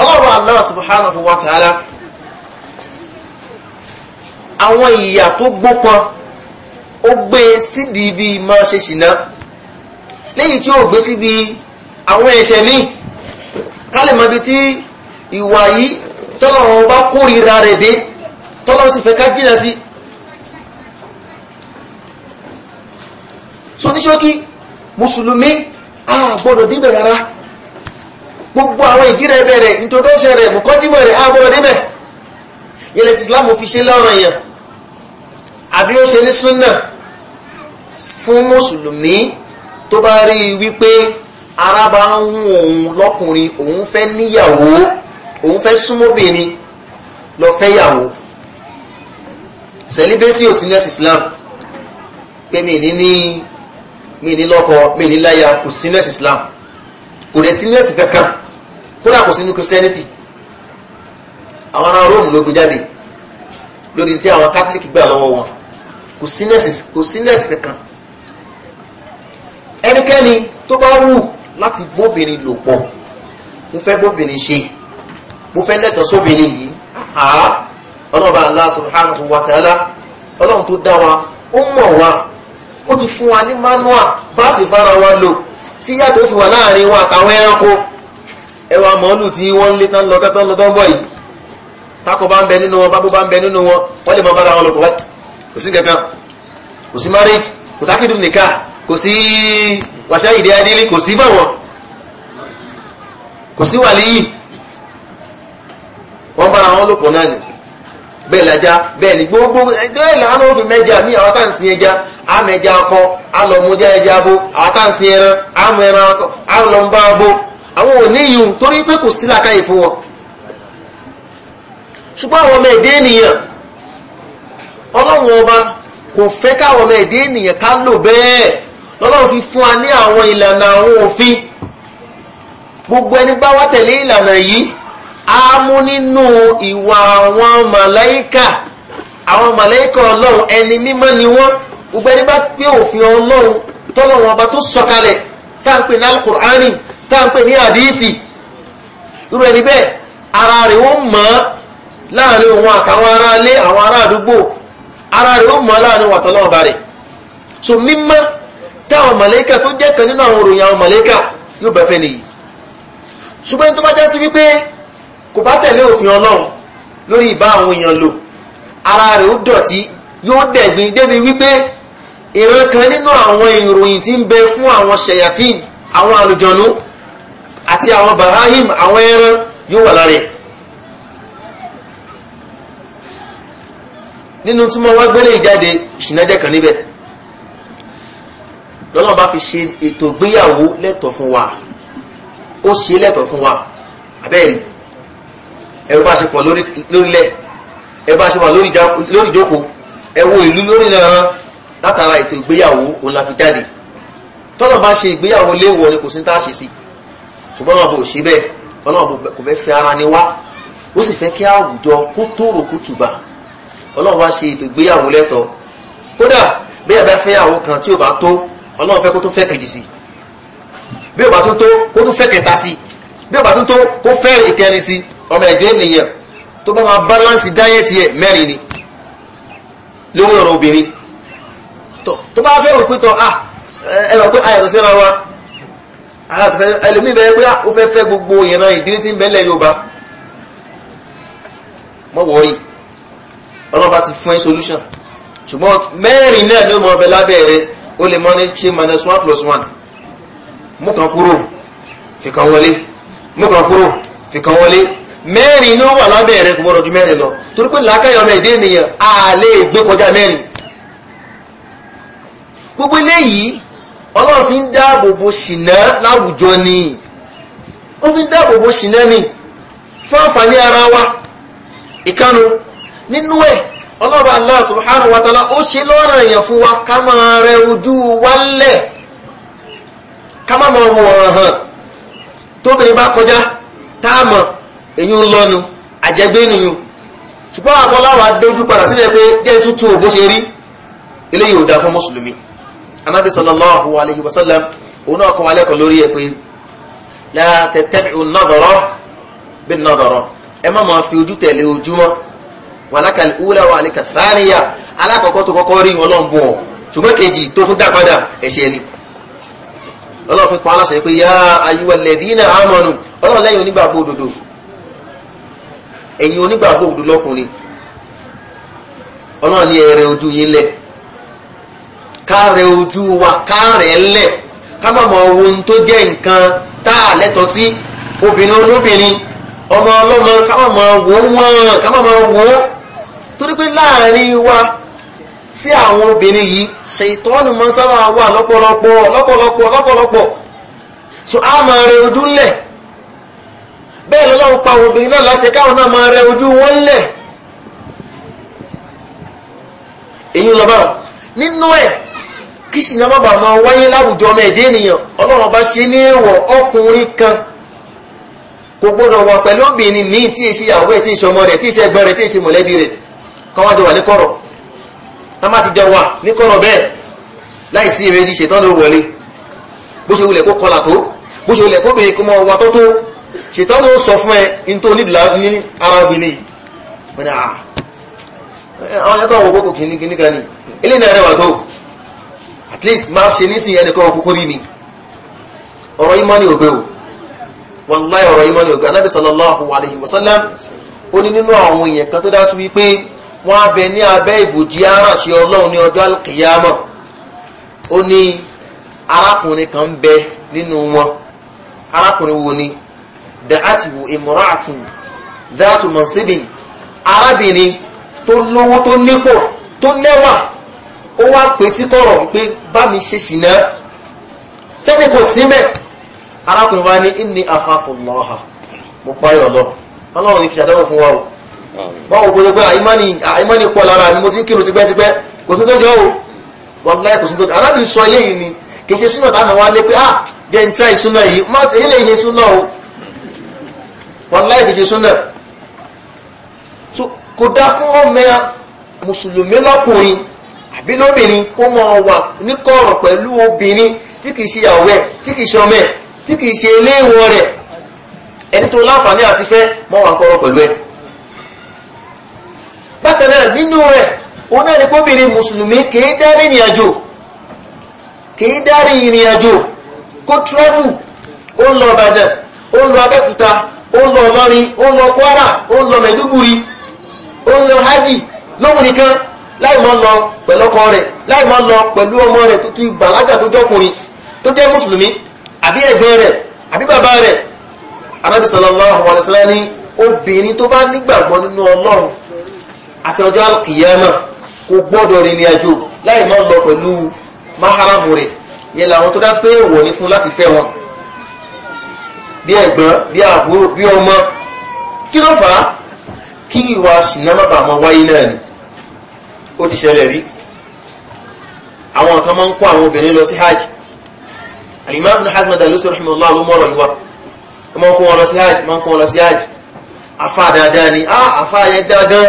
ọlọ́run Allah subhanahu wa ta'ala àwọn ìyà tó gbópọn ó gbé sídìí bíi máa ṣe ṣìnà léyìí tí ó gbé síbi àwọn ẹ̀ṣẹ̀ míì ká lè mọ ibi tí ìwà yìí tọ́lọ́wọ́ bá kórìíra rẹ̀ dé tọ́lọ́wọ́ sì fẹ́ ká jìnà sí so ní mùsùlùmí a díbẹ̀ rárá gbogbo àwọn ìjírẹ̀ bẹ̀rẹ̀ introduction rẹ̀ mùkọ́dímọ̀ rẹ̀ a gbọ́dọ̀ díbẹ̀ yẹlẹ̀ islam fi ṣe lọ́rọ̀ yẹn àbí ó ṣe ní súnà fún mùsùlùmí tó bá rí i wípé ara bá ń wù òun lọ́kùnrin òun fẹ́ níyàwó òun fẹ́ súnmọ́bìnrin lọ fẹ́ celibacy ò sí Islam pé mi ní ní mi ní lọ́kọ mi ní láya kò sí ní Islam kò dẹ̀ sí ní ẹ̀sìn kankan kódà kò sí ní Christianity àwọn ará Róòmù ló gbé jáde lórí tí àwọn Catholic gbà lọ́wọ́ wọn kò sí ní ẹ̀sìn kankan ẹnikẹ́ni tó bá wù láti bóbìnrin lò pọ̀ mo fẹ́ bóbìnrin ṣe mo fẹ́ lẹ́tọ̀ọ́ sóbìnrin yìí àá ọlọ́ba Allah subhanahu wa ta'ala ọlọ́run tó dá wa ó mọ̀ wa ó ti fún wa ní manua bá sì fara wa lò tí yàtọ̀ fi wà láàrin wa àtàwọn ẹranko ẹwà màálù tí wọ́n ń lé tán lọ kẹ́tọ́ lọ tán bọ̀ yìí tako bá ń bẹ nínú wọn bábú bá ń bẹ nínú wọn wọ́n lè mọ bára wọn lò pọ̀ kò sí kankan kò sí marriage kò sákìdùn nìkan kò sí wàṣà ìdí adílé kò sí fáwọn kò sí wàlíyì wọ́n bára wọn náà nì bẹ́ẹ̀ lajá bẹ́ẹ̀ ni gbogbo ẹgbẹ́ òfin mẹ́jà mí àwọn ẹja àmì ẹja alọmọdé abo àwọn torí pé kò sí làkàyè fún wọn lọ́lọ́run fi fún wa ní àwọn ìlànà àwọn òfin gbogbo ẹni bá wá tẹ̀lé ìlànà yìí á mú nínú ìwà àwọn màláíkà àwọn màláíkà ọlọ́run ẹni mímọ́ ni wọ́n gbogbo ẹni bá pé òfin ọlọ́run tọ́lọ́run ọba tó sọ̀kalẹ̀ tá à ń pè ní alukur'ani tá à ń pè ní àdìsí irú ẹni bẹ́ẹ̀ ara rẹ̀ ó mọ̀ ọ́ láàrin òun àtàwọn ará àwọn ará àdúgbò ara rẹ̀ ó mọ̀ ọ́ láàrin òun rẹ̀ so mímọ́ táwọn màlẹ́kà tó jẹ́ kan nínú àwọn òròyìn àwọn màlẹ́kà yóò bá fẹ́ nìyí ṣùgbọ́n tó bá já sí wípé kò bá tẹ̀lé òfin ọlọ́run lórí ìbá àwọn èèyàn lò ara rẹ̀ ó dọ̀tí yóò dẹ̀gbin débi wípé ìran kan nínú àwọn ìròyìn tí ń bẹ fún àwọn ṣẹ̀yàtín àwọn àlùjọ̀nú àti àwọn bahahim àwọn ẹran yóò wà lára ẹ̀ nínú tí wá gbélé ìjáde ṣìnàjẹ́ kan níbẹ̀ lọ́nà bá fi ṣe ètò ìgbéyàwó lẹ́tọ̀ fún wa ó ṣe lẹ́tọ̀ fún wa abẹ́rẹ́ ẹ̀rọ bá ṣe pọ̀ lórílẹ̀ ẹ̀rọ bá ṣe wà lórí ìjókòó ẹ̀wọ ìlú lórí náà látara ètò ìgbéyàwó òun la fi jáde tọ́nà bá ṣe ìgbéyàwó léèwọ̀ ni kò sí ní tá a ṣe sí ṣùgbọ́n ọmọ bò ṣe bẹ́ẹ̀ ọlọ́run kò fẹ́ fi ara ni wá ó sì fẹ́ kí àwùjọ kó tóòrò kó tùbà ọlọ́run wá ṣe ètò ìgbéyàwó lẹ́tọ̀ kódà bí ẹ bá kan tí ò bá tó ọlọ́run fẹ́ kó tún fẹ́ kejì sí bí ó bá tún tó kó tún fẹ́ kẹta sí bí ó bá tún tó kó fẹ́ ìkẹrin sí ọmọ ẹ̀dẹ́ nìyẹn tó bá máa bálánsì dáyẹ̀tì ẹ̀ mẹ́rin ni lórí ọ̀rọ̀ obìnrin tó bá fẹ́ rò pé tán à ah, ẹ rò pé ayọ̀rọ̀ síra wa ah, ẹlòmíì bẹ́ẹ̀ pé ah, ó fẹ́ fẹ́ gbogbo ìran ìdílé tí ń bẹ́lẹ̀ Yorùbá mọ́ wọ́ọ̀rì ọlọ́ba ti fún ẹ solution ṣùgbọ́n mẹ́rin náà ni ó mọ ọbẹ̀ lábẹ́ rẹ̀ O le mọ́ ní ṣe minus one plus one mú kan kúrò fi kan wọlé mú kan kúrò fi kan wọlé mẹ́rin ní ó wà lábẹ́ rẹ̀ kò gbọ́dọ̀ ju mẹ́rin lọ torí pé làákàyọ̀ ọmọ èdè ènìyàn á lè gbé kọjá mẹ́rin gbogbo eléyìí ọlọ́run fi ń dáàbò bo ṣìnà láwùjọ ni ó fi ń dáàbò bo ṣìnà ni fún àǹfààní ara wa ìkanu nínú ẹ̀ ọlọ́run allah subhanahu wa ta'ala ó ṣe lọ́rọ̀ èèyàn fún wa ká máa rẹ ojú wálẹ̀ ká má máa wọ̀ ọ̀ràn hàn tóbìnrin bá kọjá tá a mọ̀ èyí ń lọ́nu àjẹgbé nìyẹn ṣùgbọ́n àwọn ọlọ́run padà síbẹ̀ pé jẹ́ tuntun ò bó ṣe rí eléyìí ò dáa fún mùsùlùmí anábì sallallahu alayhi wa sallam òun náà kọ́ wa lẹ́kọ̀ọ́ lórí ẹ̀ pé la tatabi'u an-nadhara bin ẹ má máa fi ojú tẹ̀lé ojú wàlákà wúlà wà ní kàfáàníyà alákọ̀ọ́kọ́ tó kọ́kọ́ rí ọlọ́run bọ̀ ṣùgbọ́n kejì tó tún dá padà ẹ̀ṣẹ̀ ni ọlọ́run fi pa aláṣẹ pé yá ayúwa lẹ́dínà àmọ́nù ọlọ́run lẹ́yìn onígbàgbọ́ òdodo onígbàgbọ́ lọ́kùnrin ọlọ́run ní ẹ̀rẹ̀ ojú yín lẹ̀ ojú wa kárẹ̀ lẹ̀ ká má mọ ohun tó jẹ́ nǹkan torí pé láàrin wa sí àwọn obìnrin yìí ṣètọ́nù máa sábà wà lọ́pọ̀lọpọ̀ lọ́pọ̀lọpọ̀ lọ́pọ̀lọpọ̀ so a máa rẹ ojú ńlẹ̀ bẹ́ẹ̀ lọ́lọ́run pa obìnrin náà láṣẹ káwọn náà máa rẹ ojú wọn ńlẹ̀ èyí ń lọ báwọn nínú ẹ̀ kí sì náà bàbá máa wáyé láwùjọ ọmọ ẹ̀dẹ́ ènìyàn ọlọ́run bá ṣe ní èèwọ̀ ọkùnrin kan kò gbọ́dọ̀ wà pẹ̀lú obìnrin míì tí ì ṣe ìyàwó ẹ̀ tí ì ṣe ọmọ rẹ̀ tí ì ṣe ẹgbọ́n rẹ̀ tí ì ṣe mọ̀lẹ́bí rẹ̀ káwájọ wà ní kọ̀rọ̀ ká má ti jẹ wà ní kọ̀rọ̀ bẹ́ẹ̀ láì sí èméjì ṣètán ló wọlé bó ṣe wulẹ̀ kó kọlà tó bó ṣe wulẹ̀ kó bèèrè kó mọ wa tó tó ṣètán ló sọ fún ẹ ní tó nídìlá ní ara wọn ni àà àwọn ẹ̀kọ́ àwọn òkókò ilé náà rẹwà tó at least máa ṣe ní ẹnìkan òkókò rí ni ọ̀rọ̀ imani ògbé o wallahi ọ̀rọ̀ imani ògbé anábì sallallahu alayhi wa sallam ó ní nínú àwọn èèyàn kan tó dá sí wípé wọ́n abẹ ní abẹ́ ìbòjì aránsẹ ọlọ́run ní ọjọ́ alùkìyàmọ̀ ó ní arákùnrin kan ń bẹ nínú wọn arákùnrin wo ni dàátìwò ìmọ̀ràtún dáàtù mọ̀nsíbìn arábìnrin tó lówó tó nípò tó lẹ́wà ó wá pè sí kọ̀rọ̀ pé bá mi ṣe ṣìnà tẹ́lẹ̀ kò sí mẹ́ arákùnrin wa ní inni akhafu Allah mo páyọ̀ lọ ọlọ́run ìfìyàdáwọ̀ fún wa o báwo gbogbo pé àìmọ́ni pọ̀ lára mi mo ti ń kírun tipẹ́tipẹ́ kò sí tó jọ o wàlúwàlá kò sí tó jọ arábì sọ eléyìí ni kì í ṣe súnà táwọn wá lé pé ah jẹ́ n tra ìsúná yìí má fi eléyìí ṣe súnà o wàlúwàlá kì í ṣe súnà kò dá fún ọmọ mùsùlùmí lọ́kùnrin àbí lóbìnrin kó mọ wà níkọ̀rọ̀ pẹ̀lú obìnrin tí kìí ṣe ìyàwó ẹ̀ tí kìí ṣe ọmọ ẹ̀ tí kìí ṣe iléèwọ̀ rẹ̀ ẹni tó láǹfààní àti fẹ́ mọ wà níkọ̀rọ̀ pẹ̀lú ẹ̀ bákan náà nínú rẹ̀ òun náà ni kóbìnrin mùsùlùmí kìí dárí ìrìn àjò kìí dárí ìrìn àjò kó tírọ́fù ó ń lọ Ìbàdàn ó ń lọ Abẹ́òkúta ó lọ Ìlọrin ó lọ Kwara ó lọ Maiduguri ó lọ hajj lóhun nìkan láì máa lọ pẹ̀lú ọkọ rẹ̀ láì lọ pẹ̀lú ti bàlágà tó tó jẹ́ àbí ẹ̀gbọ́n rẹ̀ àbí bàbá rẹ̀ obìnrin tó àti ọjọ́ alkiyama kò gbọ́dọ̀ rìnrìn àjò láì má lọ pẹ̀lú maharamu rẹ̀ yẹn làwọn tó dáṣe pé èèwọ̀ ni fún láti fẹ́ wọn bí ẹ̀gbọ́n bí àbúrò bí ọmọ kí ló fà á kí ìwà sinamá bá wáyé náà ni ó ti ṣẹlẹ̀ rí àwọn kan máa ń kó àwọn obìnrin lọ sí hajj alimami ibn hazm adalusi rahimahullah ló mọ̀rọ̀ yìí wá wọ́n máa ń kó wọn lọ sí hajj máa ń kó wọn lọ sí hajj afa dáadáa ni ah afa yẹn dáadáa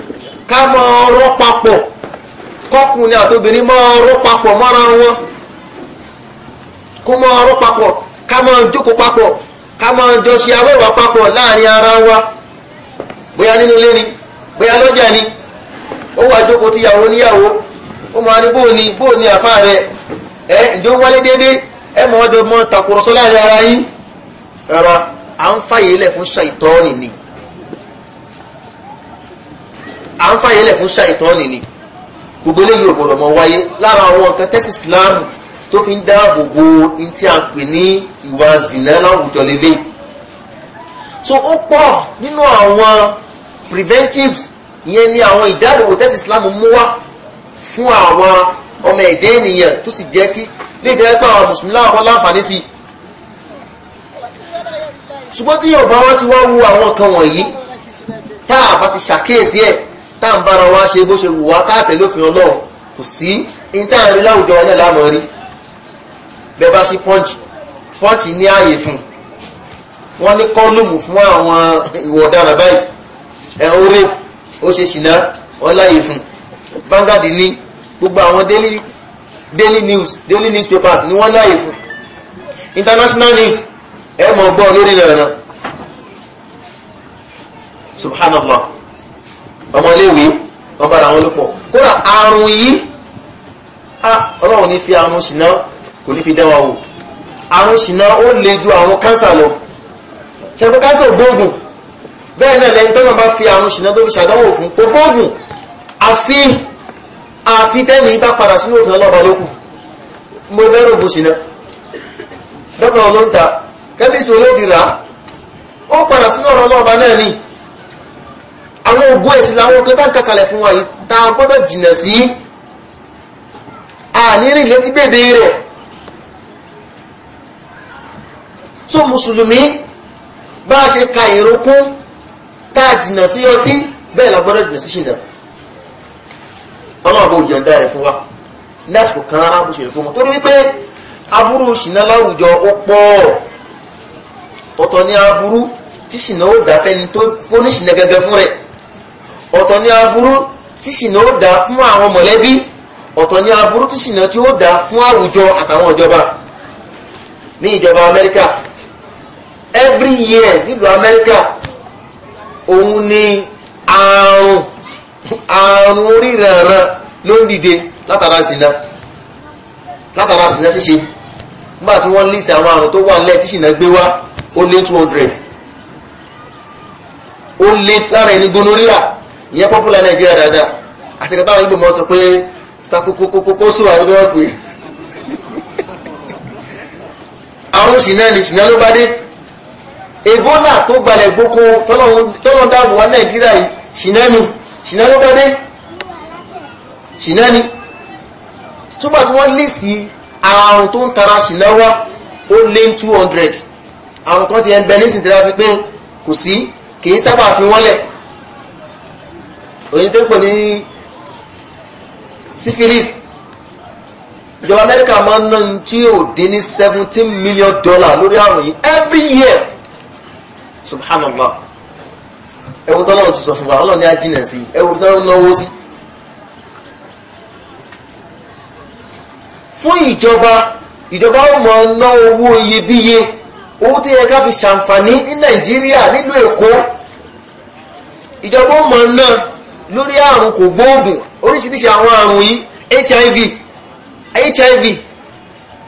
ká máa rọ́ papọ kọ́kùnrin àtòbìnrin máa rọ́ papọ̀ mọ́ra wọn kó máa rọ́ papọ̀ ká máa jókòó papọ̀ ká jọ ṣe láàrin ara wa bóyá nínú ilé ni bóyá lọ́jà ni ó wà jókòó yawo níyàwó ó máa ní ni booni àfa rẹ ẹ ǹjọ́ wálé déédéé ẹ mọ̀ ọ́ jọ láàrin ara yín rárá à ń fàyè lẹ̀ fún ṣàìtọ́ọ̀nì ni. à ń fàyè lẹ̀ fún ṣàìtọ́ọ̀nì ni gbogbo eléyìí ò gbọdọ̀ wáyé lára àwọn nǹkan tẹ́sí islam tó fi ń dáàbò bo ní tí a pè ní ìwà zìnà láwùjọ lélẹ̀ so ó pọ̀ nínú àwọn preventives ìyẹn ni àwọn ìdáàbòbò tẹ́sí islam mú wá fún àwọn ọmọ ẹ̀dẹ́ ènìyàn tó sì jẹ́ kí lè jẹ́ pé àwọn mùsùlùmí láwọn kan láǹfààní sí i ṣùgbọ́n tí yorùbá wọn ti wá wo àwọn kan wọ̀nyí tá bá ti ṣàkíyèsí ẹ̀ tá à ń bára wa ṣe bó ṣe wù wá tá àtẹ̀lé òfin ọlọ́run kò sí ní tá à ń rí láwùjọ wa náà lámọ̀ rí bẹ́ẹ̀ bá sí pọ́ǹchì pọ́ǹchì ní ààyè fún wọ́n ní kọ́lùmù fún àwọn ìwọ̀ ọ̀daràn báyìí ẹ̀ ń ó ṣe ṣìnà wọ́n fún bangadi ní gbogbo àwọn daily daily news daily newspapers ni wọ́n láàyè fún international news ẹ̀ mọ̀ gbọ́ lórí ẹ̀rọ subhanallah ọmọléèwé wọn bára wọn ló pọ̀ kódà àrùn yìí ọlọ́run ní fi àrùn ṣìnà kò ní fi dá wa wò àrùn ṣìnà ó le ju àrùn kánsà lọ ṣẹ̀fọ́ kánsà ò gbóògùn bẹ́ẹ̀ náà lẹ́yìn tọ́nà bá fi àrùn ṣìnà tó fi ṣàdánwò fún kò gbóògùn àfi àfi tẹ́ni bá padà sínú òfin ọlọ́ba lókù mo fẹ́ràn bó ṣìnà dọ́kà ọlọ́ńtà kẹ́mísì olóòtú rà ó padà sínú ọ̀rọ̀ ọlọ́ba náà ni àwọn ògùn ẹ̀sìn làwọn kan tá ń kàkàlẹ̀ fún wa yìí tá a gbọ́dọ̀ jìnà sí ànírín létí bèbè rẹ̀ tó mùsùlùmí bá a ṣe ka ìrókún tá jìnà sí ọtí bẹ́ẹ̀ la gbọ́dọ̀ jìnà sí ṣìnà ọlọ́run bó yọ̀ǹda rẹ̀ fún wa lásìkò kan rárá bó ṣe lè fún wọn torí wípé aburú ṣìnà láwùjọ ó pọ̀ ọ̀tọ̀ ní aburú tí ṣìnà ó dáfẹ́ni tó fóníṣìnà gẹ́gẹ́ fún rẹ̀ ọ̀tọ̀ ni aburú tí ṣìnà ó dáa fún àwọn mọ̀lẹ́bí ọ̀tọ̀ ni aburú tí ṣìnà tí ó dáa fún àwùjọ àtàwọn ìjọba ní ìjọba amẹ́ríkà every year nílùú amẹ́ríkà òun ni àrùn àrùn oríranran ló ń dìde látara ṣìnà látara ṣìnà ṣíṣe nígbà tí wọ́n list àwọn àrùn tó wà nílẹ̀ tí ṣìnà gbé wá ó lé two hundred ó lé lára ẹni gonorrhea ìyẹn pọ́pùlà nàìjíríà dáadáa àti kàtà àwọn ibùmọ̀ sọ pé sakokokoko sùwà ló wọ́n pè àwọn ṣìnà ni ṣìnà ló bá dé ebola tó gbalẹ̀ gboko tọ́lọ́ dáàbò wá nàìjíríà yìí ṣìnà ni ṣìnà ló bá dé ṣìnà ni túbà tí wọ́n lè sí àrùn tó ń tara ṣìnà wá ó lé ní two hundred àrùn kan ti ẹ̀ ń bẹ nísìnyí tí wọ́n ti pín kò sí kì í sábà fi wọ́n lẹ̀ òyìn tó ń pè ní syphilis ìjọba amẹ́ríkà máa ń ná tí ò dín ní seventeen million dollar lórí àrùn yìí every year subhanallah ẹwọ́n tó lọ́wọ́ ti sọ fún wa ọlọ́run ní ajínà sí ẹwọ́n tó lọ́wọ́ náwó sí. fún ìjọba ìjọba ó mọ ná owó iyebíye owó tó yẹ ká fi ṣàǹfààní ní nàìjíríà nílùú èkó ìjọba ó mọ náà lórí àrùn kò gbóògùn oríṣiríṣi àwọn àrùn yìí hiv hiv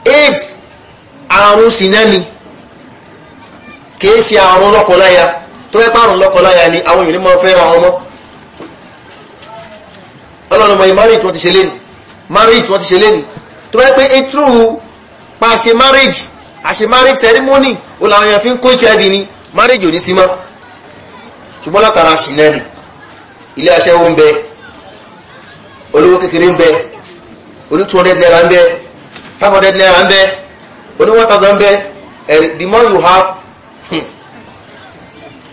aids àrùn sinani kìí ṣe àrùn lọ́kọláya tó fẹ́ pàrùn lọ́kọláya ni àwọn èèyàn máa fẹ́ ra ọmọ ọlọ́run mọ̀ marriage tí wọ́n ti ṣe lẹ́nu marriage tí wọ́n ti ṣe lẹ́nu tó fẹ́ pé itru pa ṣe marriage àṣe marriage ceremony ó làwọn èèyàn fi ń kó hiv ni marriage ò ní sí mọ́ ṣùgbọ́n látara sinani ilé aṣẹ́wó ń bẹ olówó kékeré ń bẹ oní two hundred naira ń bẹ five hundred naira ń bẹ oní one thousand ń bẹ the more you have hmm,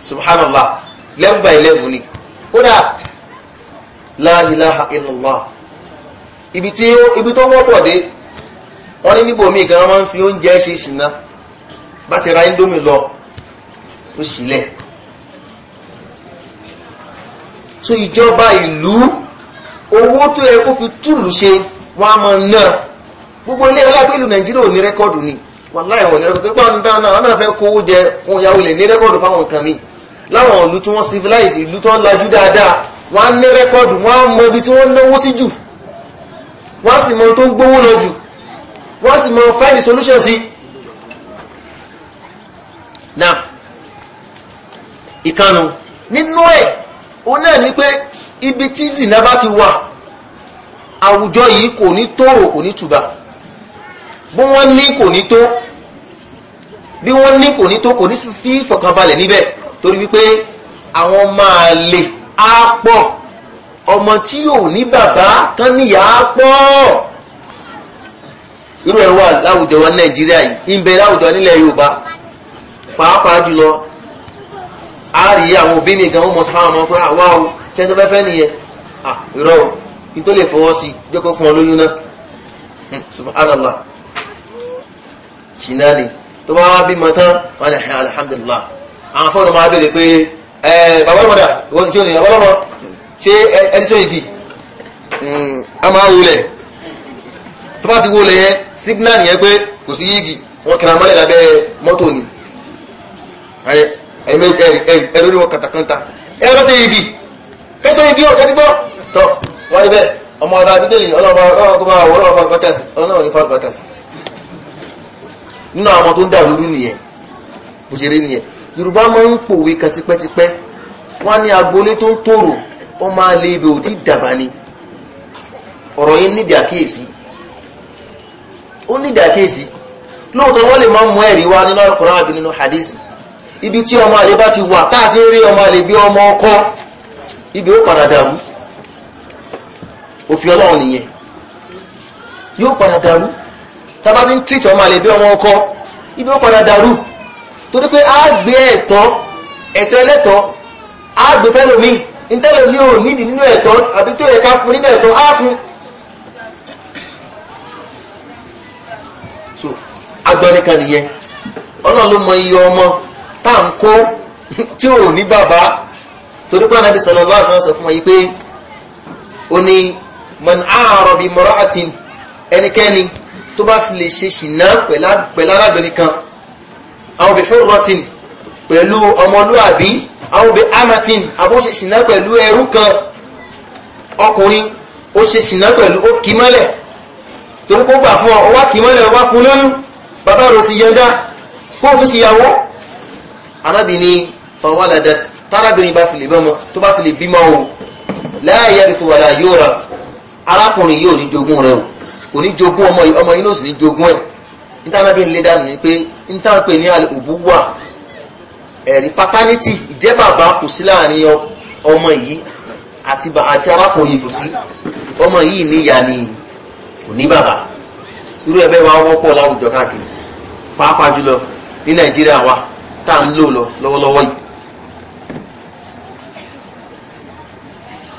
subhanallah level by level ni kódà la ilaha illallah ibi tí ibi tó wọ́pọ̀ dé wọ́n ní níbo míì gan wọ́n fi oúnjẹ ṣe ìṣìnà bá ti ra indomie lọ ó sílẹ̀ so ìjọba ìlú owó tó yẹ kó fi túlù ṣe wọn a máa ná gbogbo ilé ọlágbé ìlú nàìjíríà ò ní rẹ́kọ́ọ̀dù ni wàláì wọn ní rẹ́kọ́ọ̀dù tó gbọ́n bá náà wọn náà fẹ́ kówó jẹ wọn ìyàwó lè ní rẹ́kọ́ọ̀dù fáwọn nǹkan mi láwọn ìlú tí wọ́n civilize ìlú tó ń lajú dáadáa wọ́n á ní rẹ́kọ́ọ̀dù wọ́n á mọ ibi tí wọ́n náwó sí jù wọ́n á sì mọ tó ń gbówó lọ jù wọ́n á sì mọ find solution sí. ìkànnù nínú ẹ̀ òun náà ni pé ibi tí zina bá ti wà àwùjọ yìí kò ní tòrò kò ní tùbà bí wọ́n ní kò ní tó bí wọ́n ní kò ní tó kò ní fi fọkànbalẹ̀ níbẹ̀ torí wípé àwọn máa lè á pọ̀ ọmọ tí yóò ní bàbá tán níyà á pọ̀ irú ẹ̀ wà láwùjọ wa Nàìjíríà yìí ń bẹ láwùjọ nílẹ̀ Yorùbá pàápàá jùlọ a rí àwọn òbí mi gan pé àwa ah, o ṣe tó nìyẹn ah, irọ́ o kí n tó lè fọwọ́ sí jẹ́ kó fún ọ lóyún náà [LAUGHS] subhanallah a máa wulẹ̀ tó ẹ̀rọ ní wọn kàtàkàntà ẹ̀rọ lọ́sẹ̀ yìí bí kẹsàn yìí ọ̀ kẹ́tí gbọ́ tọ́ wọ́n rí bẹ́ẹ̀ ni ọ̀dà abideli ọlọ́ọ̀bá ọlọ́ọ̀bá ọ̀rọ̀ yìí nídìí àkíyèsí ó nídìí àkíyèsí lóòótọ́ wọ́n lè máa mú ẹ̀rí wá nínú al àbí nínú hadisi ibi tí ọmọ àlè bá ti wà táà ti ń rí ọmọ àlè bí ọmọ ọkọ ibi ó padà dàrú òfin ọlọ́run nìyẹn yóò padà dàrú tábà ti ń tìtì ọmọ àlè bí ọmọ ọkọ ibi ó padà dàrú torí pé a gbé ẹ̀tọ́ ẹ̀tọ́ ẹlẹ́tọ́ a gbé fẹ́lómi ntẹ́lómi ò nídìí nínú ẹ̀tọ́ àbí tó yẹ ká fún nínú ẹ̀tọ́ á fún. so agbọ́nìkan nìyẹn ọlọ́run ló mọ iye ọmọ tá à ń kó tí ò ní bàbá torí pé anabi sallallahu alaihi wasallam fún wa yìí pé ó ní man aara bi mara'atin ẹnikẹ́ni tó bá fi lè ṣe ṣìnà pẹ̀lú arábìnrin kan àwọn bi hurratin pẹ̀lú ọmọlúàbí àwọn bi amatin àbó ṣe ṣìnà pẹ̀lú ẹrú kan ọkùnrin ó ṣe ṣìnà pẹ̀lú ó kì mọ́lẹ̀ torí kó gbà fún ọ wá kì mọ́lẹ̀ wá fún lóyún bàbá rò sí yẹnda kó o fi ṣìyàwó arábìnrin fọwọ́lájá tárábìnrin bá fi lè bímọ tó bá fi lè bímọ o láàyè rẹ̀ fòwàlà yóò rà arákùnrin yóò ní jogún rẹ̀ o kò ní jogún ọmọ ọmọ yìí ló sì ní jogún ẹ̀ nítarábìnrin lè dànù ni pé nítarábìnrin ní alẹ́ òbú wà ẹ̀rí paternity ìjẹ́ bàbá kò sí láàrin ọmọ yìí àti àti arákùnrin kò sí ọmọ yìí ní ìyá ni kò ní bàbá irú ẹ̀bẹ̀ wa wọ́pọ̀ láwùjọ káàkiri pàápàá jùlọ ní nàìjíríà wa tá à ń lò lọ lọ́wọ́lọ́wọ́ yìí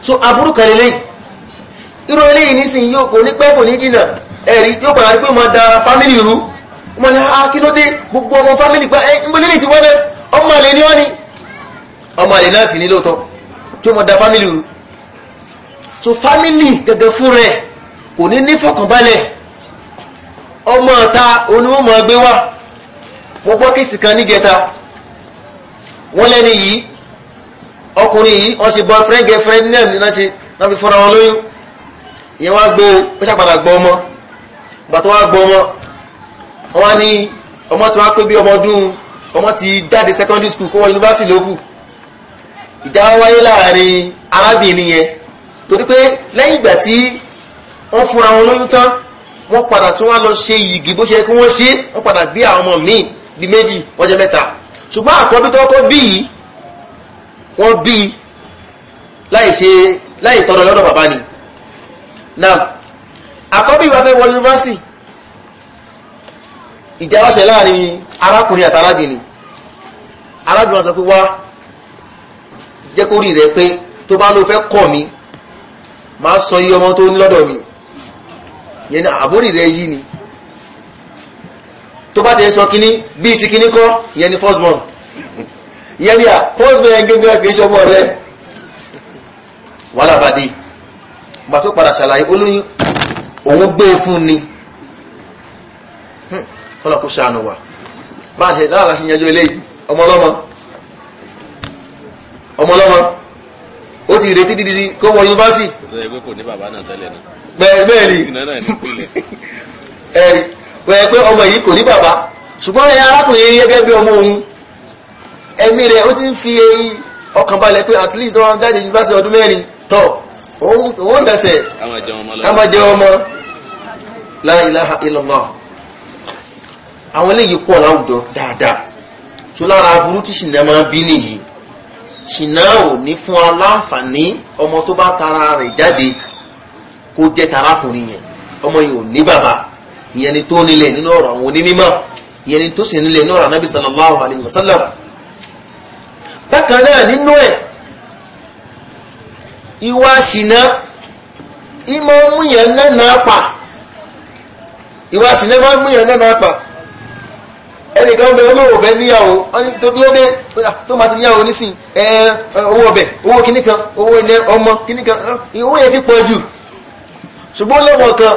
so aburú kan lélẹ́yìn irú eléyìí nísìnyí yóò kò ní pẹ́ kò ní jìnnà ẹ̀rí yóò padà rí pé máa da fámìlì rú mo ní a ah, kí ló dé gbogbo ọmọ fámìlì gba ẹ eh, níbo lélẹ́yìn ti wọ́n náà ọmọ àlè ni wọ́n ni ọmọ àlè náà sì ní lóòótọ́ tí ó máa da fámìlì rú so fámìlì gẹ́gẹ́ fún rẹ̀ kò ní nífọ̀kànbalẹ̀ ọmọ ọ̀ta onímọ̀ gbé wá mo gbọ́ kéèsì kan níjẹta wọ́n lẹ́ni yìí ọkùnrin yìí wọ́n ṣe boyfriend girlfriend náà ní náà ṣe náà fi fọ́nra wọn lóyún ìyẹn wá gbé ó ṣàpàdà gbọ́ ọmọ ìgbà tó wá gbọ́ ọmọ wọ́n wá ní ọmọ tí wọ́n pé bí ọmọ ọdún ọmọ ti jáde secondary school kó wọ yunifásitì ló kù ìjà wáyé láàrin arábìnrin yẹn torí pé lẹ́yìn ìgbà tí wọ́n fúnra wọn lóyún tán wọ́n padà tún wá lọ ṣe yìgì bó ṣe kí wọ́n ṣe wọ́n padà gbé àwọn ọmọ míì di méjì wọ́n jẹ́ mẹ́ta ṣùgbọ́n àkọ́bí tó kọ́ bí yìí wọ́n bí i láì ṣe láì tọrọ lọ́dọ̀ bàbá ni now àkọ́bí wa fẹ́ wọ yunifásitì ìjà wá ṣe láàrin arákùnrin àti arábìnrin arábìnrin sọ pé wá jẹ́ kó rí rẹ̀ pé tó bá ló fẹ́ kọ́ mi máa sọ iye ọmọ tó ní lọ́dọ̀ mi yẹn àbórí rẹ̀ yìí ni tó bá ti sọ kínní bíi ti kínní kọ́ ìyẹn ni first born ìyẹn ni à first born yẹn gẹ́gẹ́ kì í ṣe ọmọ rẹ wàhálà bá dé gbà tó padà ṣàlàyé olóyún òun gbé e fún ni hmm, kọ́lá kó ṣàánú wa bá a ṣe láàlá sí yanjú eléyìí ọmọ ọlọ́mọ ọmọ ọlọ́mọ ó ti retí dídí sí kó wọ yunifásitì. bẹ́ẹ̀ ni ẹ̀rí [LAUGHS] wẹ́ẹ́ pé ọmọ yìí kò ní bàbá ṣùgbọ́n ẹ̀yà arákùnrin yìí gẹ́gẹ́ bí ọmọ òun ẹ̀mí rẹ̀ ó ti ń fi ọkàn balẹ̀ pé at least wọ́n jáde yunifásitì ọdún mẹ́rin tọ̀ owó ń dẹ̀sẹ̀ káma jẹ ọmọ la ilaha illallah àwọn eléyìí pọ̀ láwùjọ dáadáa tó lára aburú tí ṣìnà máa ń bí nìyí ṣìnà ò ní fún aláǹfààní ọmọ tó bá tara rẹ̀ jáde kó jẹ́ tarakùnrin yẹn ọmọ yìí ò ní bàbá ìyẹn ni tó nílẹ̀ nínú ọ̀rọ̀ àwọn onímọ̀ ìyẹn ni tó sì nílẹ̀ nínú ọ̀rọ̀ anábì sallallahu alayhi wa sallam bákan náà nínú ẹ̀ ìwà ṣìnà ìmọ̀ múyàn náà pa ìwà ṣìnà máa múyàn náà pa ẹnìkan bẹ olówó fẹ́ níyàwó tó lóde ah, tó máa ti níyàwó nísìn owó ọbẹ̀ owó kìnnìkan owó ilẹ̀ ọmọ kìnnìkan owó yẹn ti pọ̀ jù ṣùgbọ́n lọ́mọ kan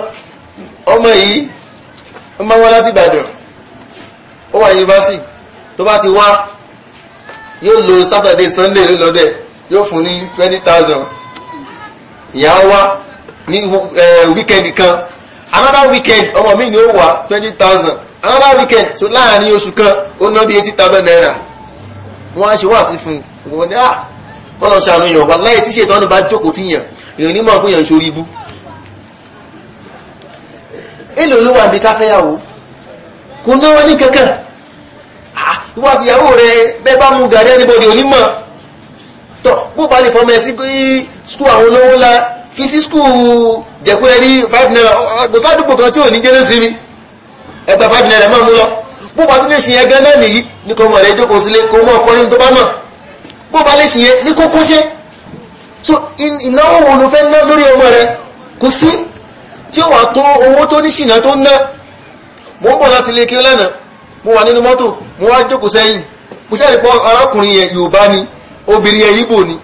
ọmọ yìí ń bá wọn láti Ìbàdàn ó wà yunifásitì tó bá ti wá yóò lo Saturday Sunday lọ́dẹ̀ yóò fún ní twenty thousand ìyá wá ní wíkẹ́ndì kan another weekend ọmọ mi ni ó wà twenty thousand another weekend so láàrin oṣù kan ó ná bí eighty thousand naira wọ́n á ṣe wá sí fún un wọ́n ní à ah, kọ́nà ṣàánú yàn wà láyé tí ṣètọ́nù bá jókòó tí yàn èèyàn ní mọ̀ pé yàn ń ṣorí ibú èlò ló wà bí káfẹ́yàwó kò náwó ní kankan ah, ìwọ àti ìyàwó rẹ bẹ́ẹ̀ bá mú gàrí anybody onímọ̀ tọ́ bó bá lè fọmọ ẹ sí skul àwọn olówó ńlá fi sí skul jẹ̀kú ẹ ní five naira gbòsádùgbò kan tí ò ní jẹ́rẹ́ sí ni ẹgbẹ́ five naira máa mú lọ bó bá tún lè ṣe yẹn gan náà nìyí ní kò mọ̀ rẹ jókòó sílé kò mọ̀ ọkọrin tó bá mọ̀ bó bá lè ṣe ní kókó ṣe so ìnáwó wo ló fẹ́ ná lórí ọmọ rẹ kò sí tí ó wà tó owó tó ní ṣìnà tó ná mo ń bọ̀ láti ilé kí lánàá mo wà nínú mọ́tò mo wá jókòó sẹ́yìn mo ṣe àdìpọ̀ arákùnrin yẹn Yorùbá ni obìnrin yẹn Ìgbò ni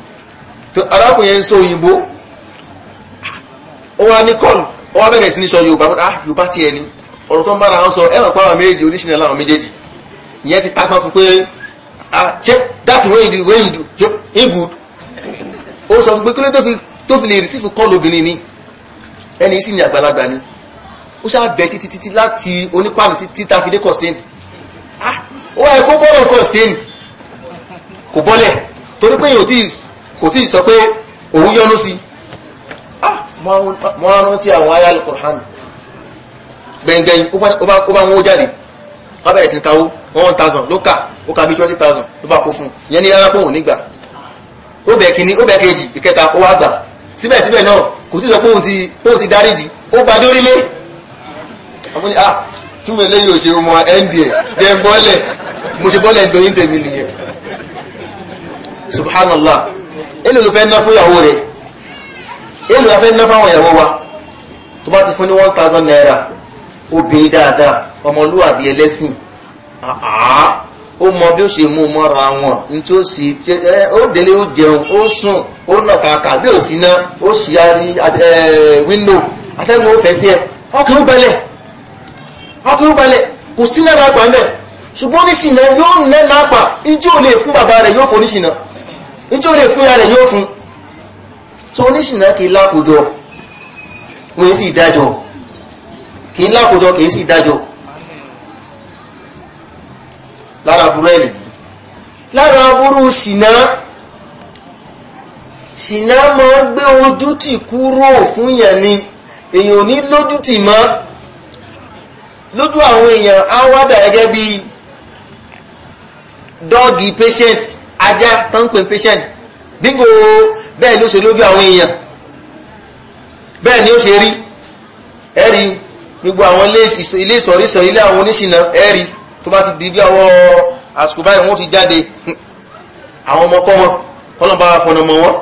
arákùnrin yẹn ń sọ òyìnbó ó wá ní kọ́ọ̀lù ó wá bẹ̀rẹ̀ sí ní sọ Yorùbá mo ah Yorùbá tiẹ̀ ni ọ̀rọ̀ tó ń bára wọn sọ ẹ̀wọ̀n pàwọn méjèèjì oníṣìnà láwọn méjèèjì ìyẹn ti takọ́ fún pé ah ṣé that way you do way you do ṣé e good ó sọ fún pé kí ló tó fi lè rí sí fi kọ́ọ̀lù obìnrin mi ẹni sì ní àgbàlagbà ni ó ṣáà bẹ títí títí láti onípàánù títí tá a fi dé Costain ah, ó wáyé kó bọ́lọ̀ Costain kò bọ́lẹ̀ torí pé kò tí ì sọ pé òun yọnu sí ah, mọ́ rántí àwọn ayé alukurhan gbẹ̀ngbẹ̀yìn ó bá wọn ó jáde wọ́n bẹ̀rẹ̀ sí ní kawó one thousand ló kà ó kà bí twenty thousand ló bá kó fún un ìyẹn ní rárá pé òun nígbà ó bẹ̀ kíní ó bẹ̀ kejì ìkẹta ó wá gbà síbẹ̀síbẹ̀ náà kò sí sọ pé òun ti pé òun ti dáríjì ó bá dórí àwọn ni ah fún mi lẹ́yìn òṣèré ọmọ ndl jẹ́ ń bọ́lẹ̀ mo ṣe bọ́lẹ̀ ń doyin nìyẹn subhanallah èlò ló fẹ́ ná fún ìyàwó rẹ̀ èlò la fẹ́ ná fún àwọn ìyàwó wa tó bá ti fún ní one thousand naira obìnrin dáadáa ọmọlúwàbí ẹlẹ́sìn ó mọ bí ó ṣe mú mọ́ra wọn ní tí ó sì ó délé ó jẹun ó sùn ó nà kàkà bí òsì náà ó sì wíńdò atẹ́gùn ó fẹ́ sí ẹ ọkàn ó balẹ̀ ọkàn ó balẹ̀ kò sí náà lápá mẹ́ ṣùgbọ́n oníṣìnà yóò nẹ́ lápá ijó lè fún bàbá rẹ̀ yóò fún oníṣìnà ijó lè fún ya rẹ̀ yóò fún so oníṣìnà kì í lákòjọ wọ́n sì dájọ́ kì í lákòjọ kì í sì dájọ́ lára burú ẹ̀ lè lára burú ṣìnà ṣìnà máa ń gbé ojú tì kúrò fún yàn ni èèyàn ò ní lójú tì mọ́ lójú àwọn èèyàn á wá dà gẹ́gẹ́ bí dọ́ọ̀gì patient ajá tó ń pè patient bíngò bẹ́ẹ̀ ló ṣe lójú àwọn èèyàn bẹ́ẹ̀ ni ó ṣe rí ẹ̀rí gbogbo àwọn ilé ìsọ̀rí ìsọ̀rí ilé àwọn oníṣìnà ẹ̀rí tó bá ti di bí ọwọ́ àsìkò báyìí wọ́n ti jáde àwọn ọmọkọ́ wọn kọ́lọ́n bá wa fọ̀nà mọ́ wọn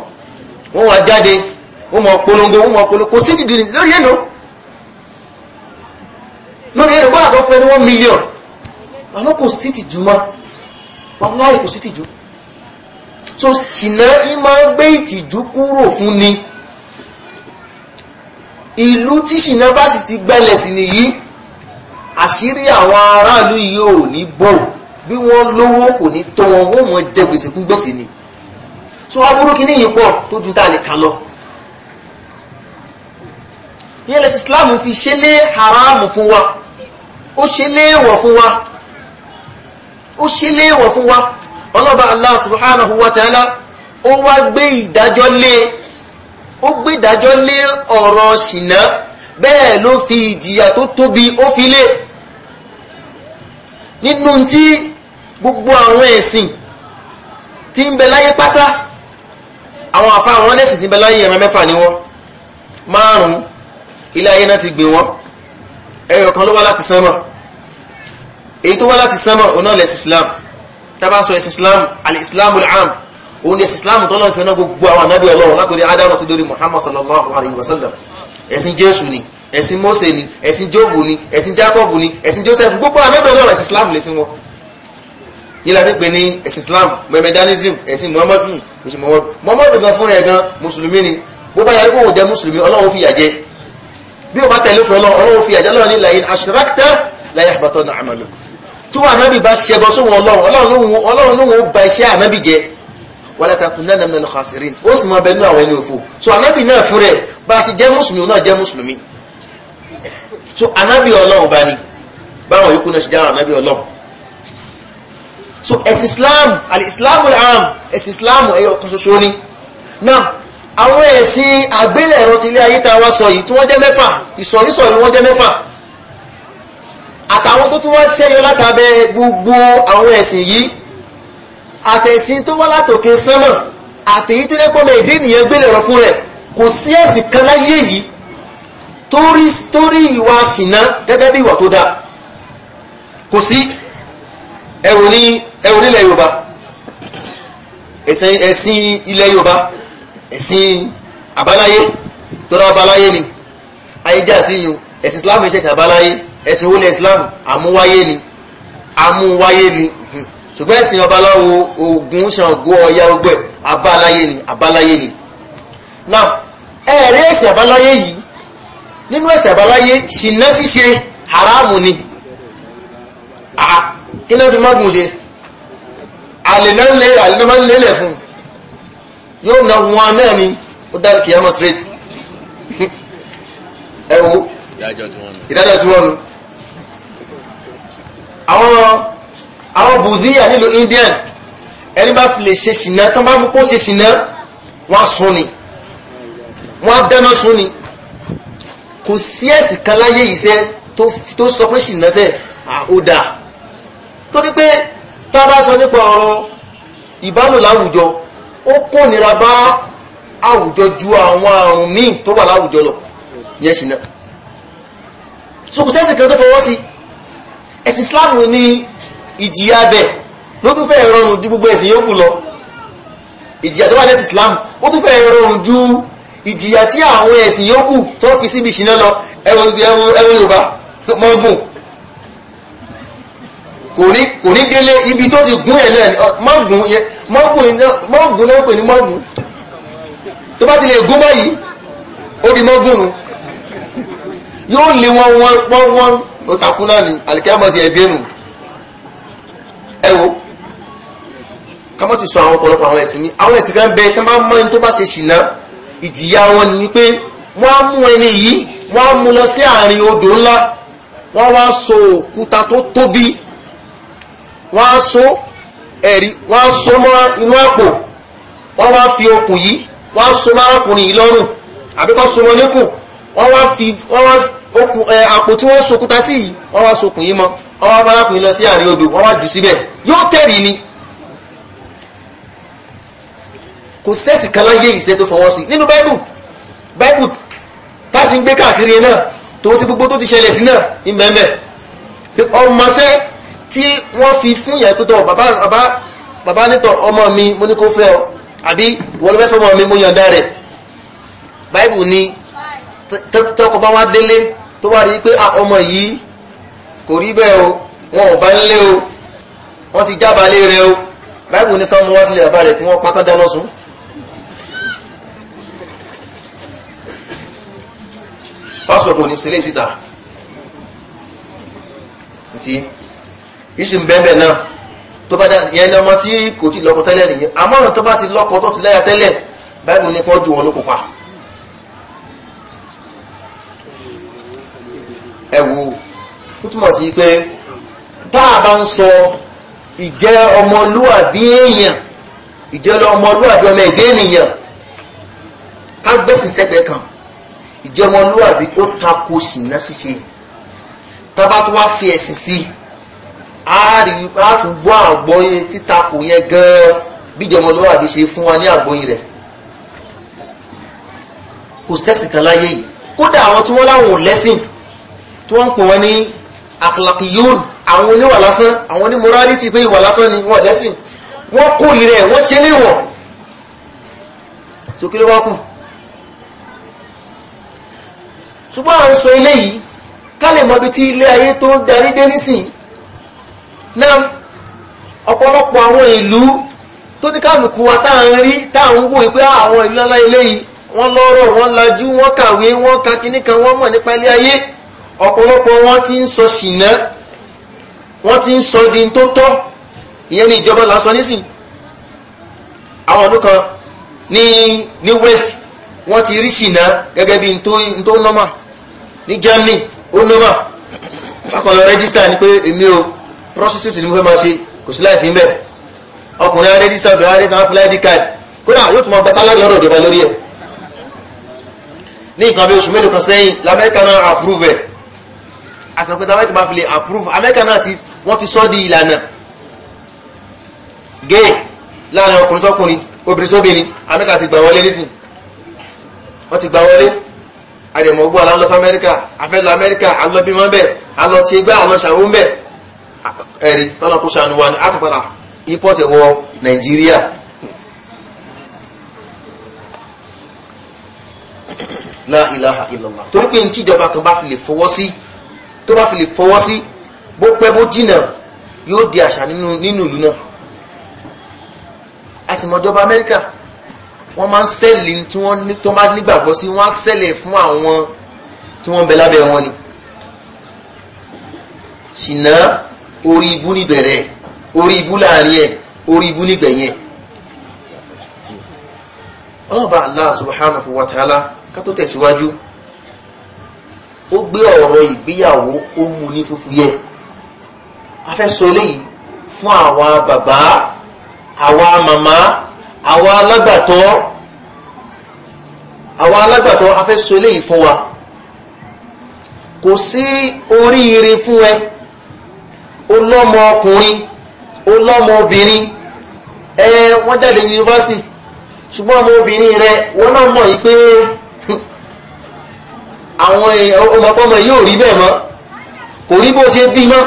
wọ́n wá jáde wọ́n mọ̀ polongo wọ́n mọ̀ polongo kò sí dìdì lórí èlò lórí èlò bọ́lá tó fún ẹni wọ́n mílíọ̀n àmọ́ kò sí tìjú mọ́ wọn láì kò sí tìjú so ṣìnà ìmọ̀ gbé ìtìjú kúrò fún ni ìlú tí ṣìnà bá sì ti gbẹ́lẹ̀ sí nìyí àṣírí àwọn aráàlú yìí ò ní bò bí wọ́n lówó kò ní tó wọn wọ́n mọ̀ jẹ gbèsè kún ni so aburú kìíní yìí pọ̀ tó ju tá a lè kà lọ. ìyẹn islam fi ṣe lé haram fún wa ó ṣe léèwọ̀ fún wa ó ṣe léèwọ̀ fún wa ọlọ́ba allah subhanahu wa ta'ala ó wá gbé ìdájọ́ lé ó gbé ìdájọ́ lé ọ̀rọ̀ ṣìnà bẹ́ẹ̀ ló fi ìjìyà tó tóbi ó fi lé nínú tí gbogbo àwọn ẹ̀sìn tí ń bẹ láyé pátá àwọn àfa àwọn lẹ́sìn ti bẹ láyé ẹ̀rọ mẹ́fà ni wọ́n márùn-ún ilé ayé náà ti gbé wọn ẹyọ kan ló wá láti sánmọ̀ èyí tó wá láti sánmọ̀ ọ̀nà lẹ́sìn islam tábà sọ ẹ̀sìn islam al-islam al-am òun ni ẹ̀sìn islam tó lọ́n fẹ́ náà gbogbo àwọn anábì ọlọ́run látòrí adamu tó dórí muhammad sallallahu alayhi wa sallam ẹ̀sìn jésù ni ẹ̀sìn mose ni ẹ̀sìn jobu ni ẹ̀sìn jacob ni ẹ̀sìn joseph gbogbo anábì ọlọ́run ẹ̀sìn islam lẹ́sìn wọn yìí la fi pè ní ẹ̀sìn islam mohammedanism ẹ̀sìn muhammadu ẹ̀sìn muhammadu muhammadu gan fúnra ẹ̀ gan mùsùlùmí ni bó bá yàrá kóhùn jẹ́ mùsùlùmí ọlọ́run fìyà jẹ bí o bá tẹ̀lé fún ọlọ́run ọlọ́run fìyà jẹ lọ́run ní làyín aṣírákítà làyín àbátọ́ náà àmàlò tí wọn ànábì bá ṣẹbọ sóhun ọlọ́run ọlọ́run lóhun ó ba iṣẹ́ ànábì jẹ wala takunanna minal khasirin ó sì máa bẹnu àwọn ẹni òfo so ànábì náà fún rẹ bá a ṣe jẹ́ mùsùlùmí náà jẹ́ mùsùlùmí so ànábì ọlọ́run bá ní báwọn yòókù náà ṣe jẹ́ ànábì ọlọ́run so ẹ̀sìn islam al-islamu al-am ẹ̀sìn islamu ẹ̀yọ kan ṣoṣo ni náà àwọn ẹ̀sìn àgbélẹ̀rọ ti ilé ayé tá a wá sọ yìí tí wọ́n jẹ́ mẹ́fà ìsọ̀rísọ̀rí wọ́n jẹ́ mẹ́fà àtàwọn tó tún wá ṣẹ́yọ látàbẹ́ gbogbo àwọn ẹ̀sìn yìí àtẹ̀sìn tó wá látòkè sánmà àtẹ̀yí tó lẹ́pọ̀ mẹ́ ìdí ènìyàn gbélẹ̀rọ fún rẹ̀ kò sí ẹ̀sìn kan láyé yìí tó ìwà ṣìnà gẹ́gẹ́ bí ìwà tó dáa kò sí ẹ̀rù ní ẹ wò nílẹ̀ yorùbá ẹ̀sìn ẹ̀sìn ilẹ̀ yorùbá ẹ̀sìn àbáláyé tọ́lá àbáláyé ni ayéjà sí yìí ẹ̀sìn islam ṣẹ̀ṣẹ̀ àbáláyé ẹ̀sìn wọlé islam àmúwáyé ni àmúwáyé ni ṣùgbọ́n ẹ̀sìn ọbaláwo Ògún Ṣàngó Ọya ogbẹ́ àbáláyé ni àbáláyé ni now ẹ̀rí ẹ̀sìn àbáláyé yìí nínú ẹ̀sìn àbáláyé ṣìnà ṣíṣe haramu ni kí ló fi mọ́gùn ṣe àlè náà lé àlè náà máa ń lélẹ̀ fún yóò na wọn náà ni ó dárí kìyàmọ̀ straight [LAUGHS] ẹ wo ìdájọ́ tí wọ́n nu àwọn àwọn bùzíyà nílùú indian ẹni bá fi lè ṣe ṣìnà tán bá mú kó ṣe ṣìnà wọ́n sún ni wọ́n dáná sún ni kò sí ẹ̀sì kan láyé ìṣẹ́ tó sọ pé ṣìnà sẹ́ àódà torí pé tá a bá sọ nípa ọ̀rọ̀ ìbálò láwùjọ ó kó nira bá àwùjọ ju àwọn àrùn míì tó wà láwùjọ lọ yẹn sì náà so kò sẹ́sìn kan tó fọwọ́ sí ẹ̀sìn Islam ní ìjìyà bẹ́ẹ̀ ló tún fẹ́ rọrùn ju gbogbo ẹ̀sìn yòókù lọ ìjìyà tó wà ní ẹ̀sìn Islam ó tún fẹ́ rọrùn ju ìjìyà tí àwọn ẹ̀sìn yòókù tó fi síbi ìṣìná lọ ẹ̀wọ̀n Yorùbá mọ́gùn kò ní délé ibi tó ti gún ẹ̀ lẹ́ẹ̀ mọ́gùn yẹn mọ́gùn náà pè ní mọ́gùn tó bá ti lè gún báyìí ó di mọ́gùn nu yóò lé wọn wọn wọn ó takú náà ni àlìkẹ́mọ̀sí ẹ̀ dénú ẹ wo kámọ́ ti sọ àwọn ọ̀pọ̀lọpọ̀ àwọn ẹ̀sìn ní àwọn ẹ̀sìn kan bẹ tó máa ń mọ́ ẹni tó bá ṣe ṣìnà ìjìyà wọn ni pé wọ́n á mú ẹni yìí wọ́n á mú lọ sí àárín odò ńlá wọ́n wá so òkúta tó tóbi wọ́n á so ẹ̀rí wọ́n á so mọ́ inú àpò wọ́n wá fi okùn yìí wọ́n á so mọ́ arákùnrin yìí lọ́rùn àbí kọ́ so mọ́ níkùn wọ́n wá fi wọ́n wá okùn ẹ̀ àpò tí wọ́n sokúta sí yìí wọ́n wá sokùn yìí mọ́ wọ́n wá arákùnrin lọ sí àárín odò wọ́n wá jù síbẹ̀ yóò tẹ̀rì ni kò sẹ́ẹ̀sì kan láyé ìṣẹ́ tó fọwọ́ sí nínú báíbù báíbù tásí ń gbé káàkiri náà tó ti gbogbo tó ti ṣẹlẹ̀ sí náà ní mẹ́mẹ́ ọmọ sẹ́ẹ̀ tí wọ́n fi fún ìyá pé tọ́ bàbá bàbá bàbá nítọ̀ ọmọ mi mo ní kó fẹ́ ọ àbí wọ́n ló fẹ́ fọmọ mi mo yànda rẹ̀ báìbù ni tọkọ bá wá délé tó wá rí pé ọmọ yìí kò rí bẹ́ẹ̀ o wọn ò bá ń lé o wọ́n ti jábàálé rẹ o báìbù ní kán mú wá sílẹ̀ bàbá rẹ̀ kí wọ́n pa kán dáná sun. pásítọ̀ kò ní sílé síta. Ntí ìṣì ń bẹ́ẹ̀ náà tó bá dá yẹn lọ́mọ tí kò ti lọ́kọ tẹ́lẹ̀ nìyẹn àmọ́ ọ̀nà tó bá ti lọ́kọ tó ti láya tẹ́lẹ̀ báyìí ní kó ju wọn ló kópa. ẹ wo ó túmọ̀ sí pé tá a bá ń sọ ìjẹ́ ọmọlúwàbí èèyàn ìjẹ́ ọmọlúwàbí ọmọ èdè ènìyàn ká gbẹ́sìn sẹ́gbẹ̀ẹ́ kan ìjẹ́ ọmọlúwàbí ó tako ṣìnà ṣíṣe tá a bá tó wá fi ẹ̀sìn sí i a rí wípé a tún gbọ́ àgbọ́yé títakò yẹn gan-an bíjọmọ lọ́wọ́ àbí ṣe fún wa ní àgbọ́yé rẹ̀ kò sẹ́sìn kan láyé yìí kódà àwọn tí wọ́n láwọn lẹ́sìn tí wọ́n ń pè wọ́n ní akhlaqiyun àwọn oníwà lásán àwọn oní morality pé ìwà lásán ni wọ́n lẹ́sìn wọ́n kórì rẹ̀ wọ́n ṣe léwọ̀ tó kí ló wá kù ṣùgbọ́n à ń sọ ilé yìí ká lè mọ ibi tí ilé ayé tó darí dé nísìnyí náà ọ̀pọ̀lọpọ̀ àwọn ìlú tó ní kálukú wa táwọn rí táwọn wò pé àwọn ìlú ńlá eléyìí wọ́n lọ́rọ̀ wọ́n lajú wọ́n kàwé wọ́n ka kíní kan wọ́n mọ̀ nípa ilé ayé ọ̀pọ̀lọpọ̀ wọn ti ń sọ ṣìnà wọ́n ti ń sọ di tó tọ́ ìyẹn kan ní west wọ́n ti rí ṣìnà gẹ́gẹ́ bí tó nọ́mà ní Germany ó nọ́mà bákan lọ rẹ́gísítà ni o prostitute ni mo fẹ́ máa ṣe kò sí láìfín bẹ́ẹ̀ ọkùnrin arẹ́dísà obìnrin arẹ́dísà wọn fúnlá id card kódà yóò tún máa gba sálárì ọ̀rọ̀ ìjọba lórí ẹ̀ ní nǹkan bí oṣù mélòó kan sẹ́yìn lamẹ́ríkà náà approve ẹ̀ àṣà pé táwọn ti máa fi lè approve amẹ́ríkà náà ti wọ́n ti sọ́ di ìlànà gay láàrin ọkùnrin sọ́kùnrin obìnrin sóbìnrin amẹ́ríkà ti gbà wọlé nísìn wọ́n ti gbà wọlé àdèmọ̀gbọ́ alálọ́sọ amẹ́ríkà afẹ́lọ amẹ́ríkà alọ́bímọ́ bẹ́ẹ̀ alọ́tiẹgbẹ́ alọ́ṣàwọ́ bẹ́ẹ̀ ẹ̀rí tọ́lọ́kúṣà ni wà ní àtúpadà ipọ́tẹ̀ wọ nàìjíríà la ilaha illallah torí pé ní tíjọba kan bá fi lè fọwọ́ sí tó bá fi lè fọwọ́ sí bó pẹ́ bó jìnà yóò di àṣà nínú ìlú náà a sì mọ̀jọba amẹ́ríkà wọ́n máa ń sẹ́ẹ̀lì tí wọ́n tó bá nígbàgbọ́ sí wọ́n á sẹ́ẹ̀lẹ̀ fún àwọn tí wọ́n bẹ lábẹ́ wọn ni ṣìnà orí ibú níbẹ̀rẹ̀ orí ibú láàrin ẹ̀ orí ibú nígbẹ̀yẹn ọlọ́ba Allah subhanahu wa ta'ala ká tó tẹ̀síwájú ó gbé ọ̀rọ̀ ìgbéyàwó ó mú ní fúfú yẹ a fẹ́ sọ léyìí fún àwa bàbá àwa màmá àwa alágbàtọ́ àwa alágbàtọ́ a fẹ́ sọ léyìí fún wa kò sí oríire fún ẹ olọ́mọ ọkùnrin olọ́mọ obìnrin ẹ wọ́n jáde yunifásitì ṣùgbọ́n ọmọ obìnrin rẹ wọ́n náà mọ̀ [LAUGHS] yìí pé àwọn ọmọkọ́mọ yóò rí bẹ́ẹ̀ mọ́ kò rí bó ṣe bí mọ́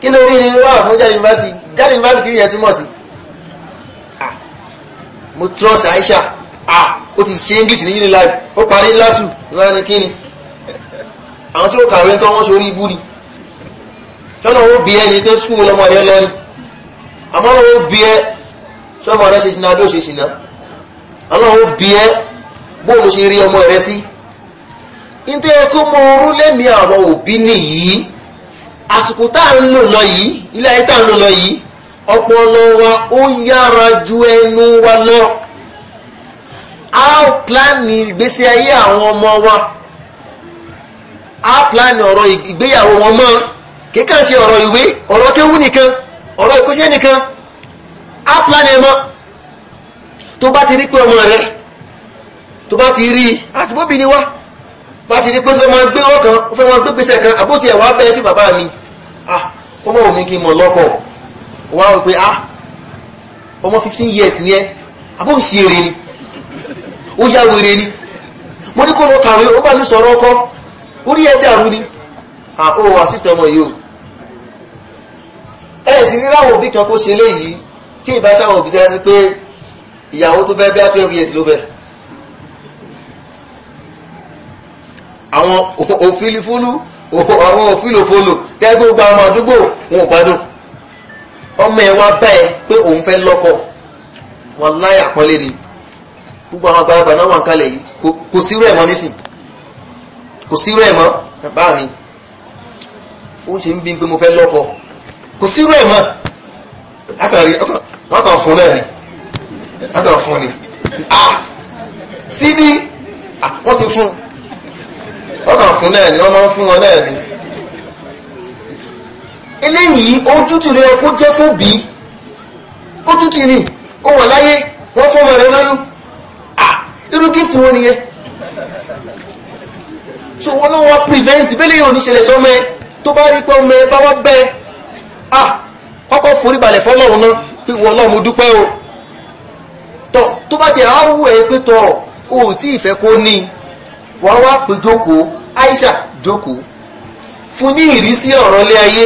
kí ló rí ní wà fún jáde yunifásitì jáde yunifásitì kì í yẹ túmọ̀ sí mo trust Aisha ah ó ti ṣe English ní unilag ó parí lásù ìwádìí kíni àwọn tí ó kàwé tán wọ́n ṣe orí ibú ni tọ́lọ̀ ó bí ẹ ní pé skúù lọ́mọ rẹ lọ́ni àmọ́ ó bí ẹ sọ́mọ rẹ ṣe ṣìnà bí ó ṣe ṣìnà ọlọ́run ó bí ẹ bóòlù ṣe rí ọmọ rẹ sí nítorí kó mọ orú lẹ́mí àwọn òbí nìyí àsìkò tá à ń lò lọ yìí ilé ayé tá à ń lò lọ yìí ọpọlọ wa ó yára ju ẹnu wa lọ a ó pílánì ìgbésí ayé àwọn ọmọ wa a ó pílánì ọ̀rọ̀ ìgbéyàwó wọn mọ́ kì í kàn ṣe ọ̀rọ̀ ìwé ọ̀rọ̀ kéwú nìkan ọ̀rọ̀ ìkọ́ṣẹ́ nìkan á pílánì ẹ̀mọ́ tó bá ti rí pé ọmọ rẹ tó bá ti rí àti bóbi ni wá bá ti rí pé ó fẹ́ máa gbé ọkàn ó fẹ́ máa gbé gbèsè kan àbótí ẹ̀wà bẹ́ẹ̀ bí bàbá mi ah ọmọ òun kí n mọ̀ lọ́kọ̀ wá wọ pé ah ọmọ fifteen years ni ẹ àbóhùn sí èrè ni ó yá wèrè ni mo ní kó lọ kàwé ó bá mi sọ̀rọ̀ ọkọ orí ẹ̀ dàrú ni ah ó wà sísè ọmọ yìí o ẹ sì ríráwọ̀ òbí kan kó ṣe léyìí tí ìbá sáwọn òbí tẹ́lá sí pé ìyàwó tó fẹ́ bí á twelve years ló fẹ́ àwọn òfìlífúlú àwọn òfìlòfólò kẹ́ gbogbo àwọn àdúgbò wọn ò gbádùn ọmọ ẹ wá bá ẹ pé òun fẹ́ lọ́kọ wọn láyà pọ́nlé ni gbogbo àwọn àgbàlagbà náà ń kalẹ̀ yìí kò sírú ẹ̀ mọ́ nísìn kò sírú ẹ̀ mọ́ báà mi ó ṣe ń bí pé mo fẹ́ lọ́kọ kò sírú ẹ̀ mọ́ akàrí wọn fún náà ni wọn kàn fún ni ah síbi wọn ti fún wọn kàn fún náà ni wọn máa ń fún wọn náà ni eléyìí ojútùú rẹ kó jẹ́ fún bí ojútùú ni ó wà láyé wọ́n fún ọmọ rẹ lọ́yún ah irú gift wọn nìyẹn so wọn náà wá prevent bẹ́ẹ̀ lè yàn oníṣẹ̀lẹ̀ sọ́mẹ́ tó bá rí pé ọmọ ẹ bá wá bẹ́ẹ̀. ah kọ́kọ́ forí balẹ̀ fọ́lọ́run náà pé wọ́n lọ́ọ́ mo o tọ́ tó bá ti àwọn wù pé o tí kó ní Aisha jókòó fún ní ìrísí ọ̀rọ̀ lé ayé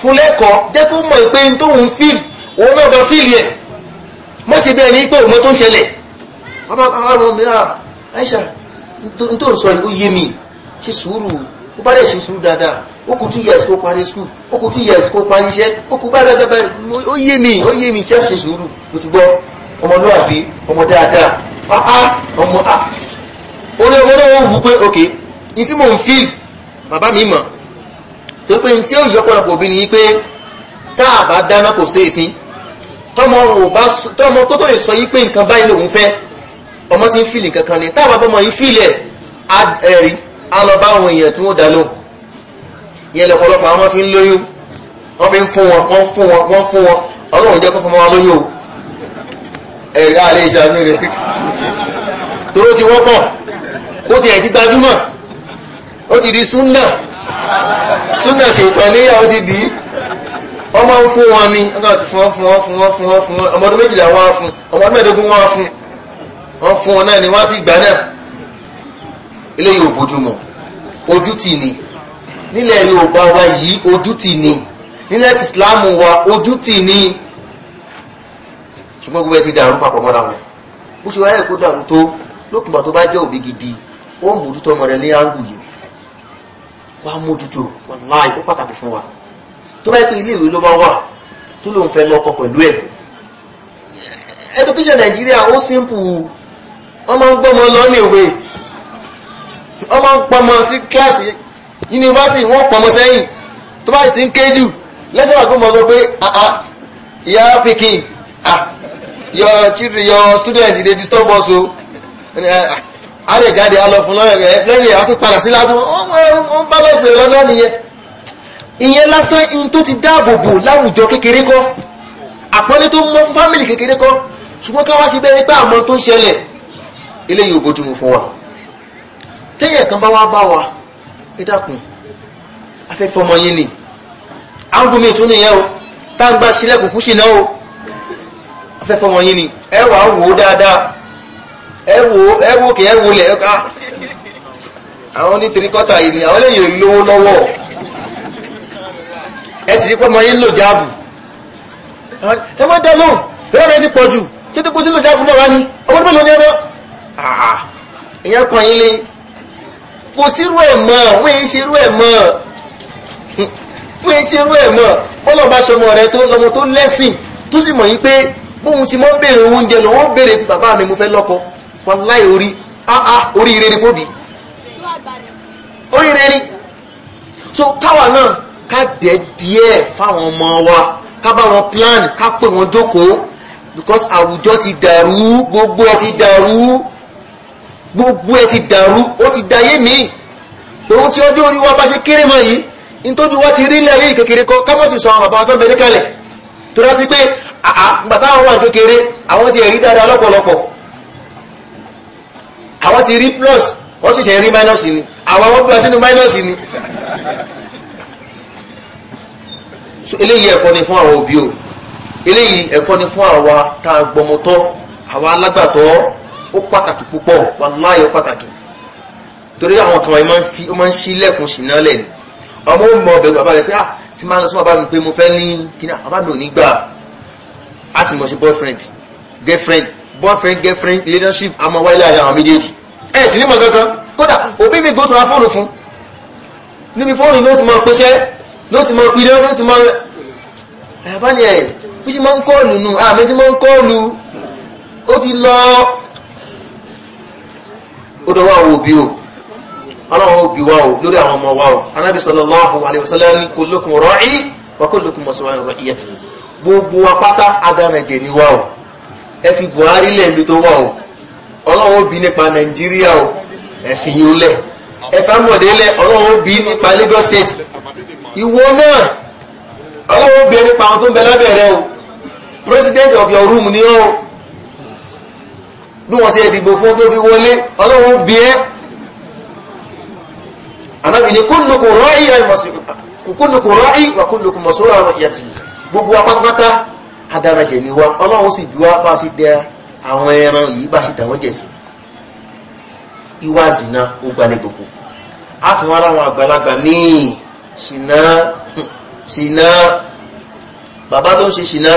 fún lẹ́kọ̀ọ́ jẹ́ kó mọ̀ pé n tóun fíìl òun náà bá fíìl yẹ sí pé òun tó ń ṣẹlẹ̀ ah, Aisha n tó ń sọ mi ṣe sùúrù ó bá dẹ̀ ṣe sùúrù dáadáa ó kù two years kó parí school ó kù two years kó parí iṣẹ́ ó kù bá dáadáa ó yé mi ó yé mi ṣe sùúrù mo ti gbọ́ ọmọlúwàbí ọmọ dáadáa pápá ọmọ a orí ọmọ náà wù pé ok ní tí mò ń fíìl bàbá mi mọ̀ tó pé ní tí ó yọ pọ̀lọpọ̀ bí ni pé tá a bá dáná kò sí èéfín tọmọ tó lè sọ yí pé nǹkan báyìí lòun fẹ́ ọmọ ti ń fíìl nǹkan ni tá a bá bọ́ ọmọ yìí fíìl ẹ̀ á lọ bá àwọn èèyàn tí wọ́n dá lóhùn yẹn lọ́pọ̀lọpọ̀ àwọn fi ń lóyún wọ́n fi ń fún wọn wọ́n fún wọn wọ́n fún wọn ọlọ́run jẹ́ kó fún wọn lóyún o ẹ̀rí àlẹ́ ìṣàánú rẹ̀ toró ti wọ́pọ̀ ó ti ẹ̀ ti gbajúmọ̀ ó ti di súnà súnà ṣètò ẹ̀lẹ́yà ó ti dì í wọ́n máa ń fún wọn ni wọ́n ti fún wọn fún wọn fún wọn fún wọn fún wọn ọmọdún méjìlá wọn á fún ọmọdún mẹ́ẹ̀ẹ́dógún wọn á fún wọn fún wọn náà ni wọ́n á sì gbà náà eléyìí ò bójú mu ojú tì ní nílẹ̀ yorùbá wa yìí ojú tì ní nílẹ̀ ìsìláàmù wa ojú tì ní ṣùgbọ́n gbogbo ẹ ti dàrú papọ̀ mọ́ra wọn bó ṣe wáyé kó dàrú tó lókùnbà tó bá jẹ́ òbí gidi ó mójútó ọmọ rẹ ní áńgù yìí wá mójútó wàláì ó pàtàkì fún wa tó bá yẹ pé ilé ìwé ló bá wà tó lóun fẹ́ lọ́kọ pẹ̀lú ẹ̀ education nàìjíríà ó simple wọ́n máa ń gbọ́mọ lọ́nà wọ́n máa ń pọmọ sí kíláàsì yunifásitì wọ́n pọmọ sẹ́yìn tó bá sì ń ké jù lẹ́sẹ̀ wà pé mo sọ pé ah, ah, ìyá pikin ah, your children your student dey disturb us o a lè jáde a lọ fún lọ́yọ̀ rẹ̀ lẹ́yìn a tún padà sí látún wọ́n bá lọ́fẹ̀ẹ́ lọ́dọ́ nìyẹn ìyẹn lásán in tó ti dáàbò bò láwùjọ kékeré kọ́ àpọ́nlé tó mọ́ fámìlì kékeré kọ́ ṣùgbọ́n ká wá sí bẹ́ẹ̀ nípa àmọ́ tó ń ṣẹlẹ̀ eléyìí ò bójúmu fún wa téèyàn kan bá wá bá wa ẹ dákun afẹ́fẹ́ ọmọ yín ni áńgùnmí tún nìyẹn o táǹgbà sílẹ̀kùn fún ṣìnà o afẹ́fẹ́ ọmọ yín ni ẹ wàá wò ó dáadáa ẹ wò ó ẹ wò kì í ẹ wò lẹ̀ ẹ ká àwọn ní tirikọ́tà yìí ni àwọn lèyìn lówó lọ́wọ́ ẹ sì rí pé ọmọ yín lò jáàbù ẹ má dá lóhùn ẹ má ti pọ̀ jù títí kó tí lò jáàbù náà wá ní ọmọdé mélòó ni ẹ náà ìyá kan yín lé kò sírú ẹ̀ mọ́ wọ́n èyí ṣerú ẹ̀ mọ́ wọ́n èyí ṣerú ẹ̀ mọ́ bọ́lọ̀bá ṣọmọ rẹ̀ tó lọmọ tó lẹ́sìn tó sì mọ̀ yí pé bóun ti mọ́ béèrè oúnjẹ lọ wọ́n béèrè bàbá mi mo fẹ́ lọ́kọ wàláì orí áá orí rere fóbi orí rere so káwa náà ká dẹ̀ díẹ̀ fáwọn ọmọ wa ká bá wọn plan ká pè wọn jókòó because àwùjọ ti dàrú gbogbo ti dàrú gbogbo ẹ ti dàrú ó ti dayé mi òun tí ọjọ́ orí wa bá ṣe kéré mọ́ yìí nítorí wá ti rí lẹ́yìn kékeré kọ kámọ́tì sọ àwọn bàbá tó ń bẹ níkàlẹ̀ tó dá sí pé bàtà àwọn wà kékeré àwọn ti rí dáadáa lọ́pọ̀lọpọ̀ àwọn ti rí plus wọ́n sì ṣe rí minus ni àwọn wọ́n gbà sínú minus ni eléyìí ẹ̀kọ́ ni fún àwọn òbí o eléyìí ẹ̀kọ́ ni fún àwa tá a gbọmọtọ́ àwa alágbàtọ́ ó pàtàkì púpọ̀ wàláyé pàtàkì torí àwọn kan wọ́n máa ń sí lẹ́kùn sí náà lẹ́nu ọmọ ò mọ ọbẹ̀ bàbá rẹ̀ pé ah tí máa ń lọ sí bàbá mi pé mo fẹ́ ní kíní ah, bàbá mi ò ní gbà á sì mọ̀ sí boyfriend girlfriend boyfriend girlfriend relationship àmọ́ wáyé láàrin àwọn méjèèjì ẹ̀ sì ní mọ̀ kankan kódà òbí mi gbótó ra fóònù fún níbi fóònù ló ti máa pèsè ló ti máa pidán ló ti máa àbáni ẹ̀ bí ti máa ń kọ́ọ̀lù nù àmì ti máa ń kọ́ọ̀lù ó ti lọ ó dọwọ́ àwọn òbí o ọlọ́run òbí wa o lórí àwọn ọmọ wa o anábì sallallahu alayhi wa sallam kullukum ra'i wa kullukum mas'ulun an ra'iyati gbogbo apáta adarànjẹ ni wa o ẹ fi buhari lẹ́ẹ̀mí tó wa o ọlọ́run òbí nípa nàìjíríà o ẹ fi yín lẹ̀ ẹ fẹ́ mọ̀dé lẹ̀ ọlọ́run òbí nípa Lagos state ìwọ náà ọlọ́run òbí nípa àwọn tó ń bẹ lábẹ́ rẹ o president of your room ni o bí wọ́n ti ẹ̀dìgbò fún tó fi wọlé ọlọ́run bí ẹ́ anábì ní kullukum ra'i wa kullukum mas'ulun 'an ra'iyatihi gbogbo apátápátá adarajẹ̀ ni wa ọlọ́run sì bí wá bá sí dẹ àwọn ẹran yìí bá sí dàwọ́ jẹ̀ sí ìwà zina ó gbalẹ̀ gbogbo a tún wá láwọn àgbàlagbà míì ṣìnà ṣìnà bàbá tó ń ṣe ṣìnà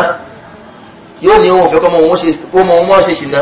yóò ní òun ò kọ́mọ òun ṣe ṣìnà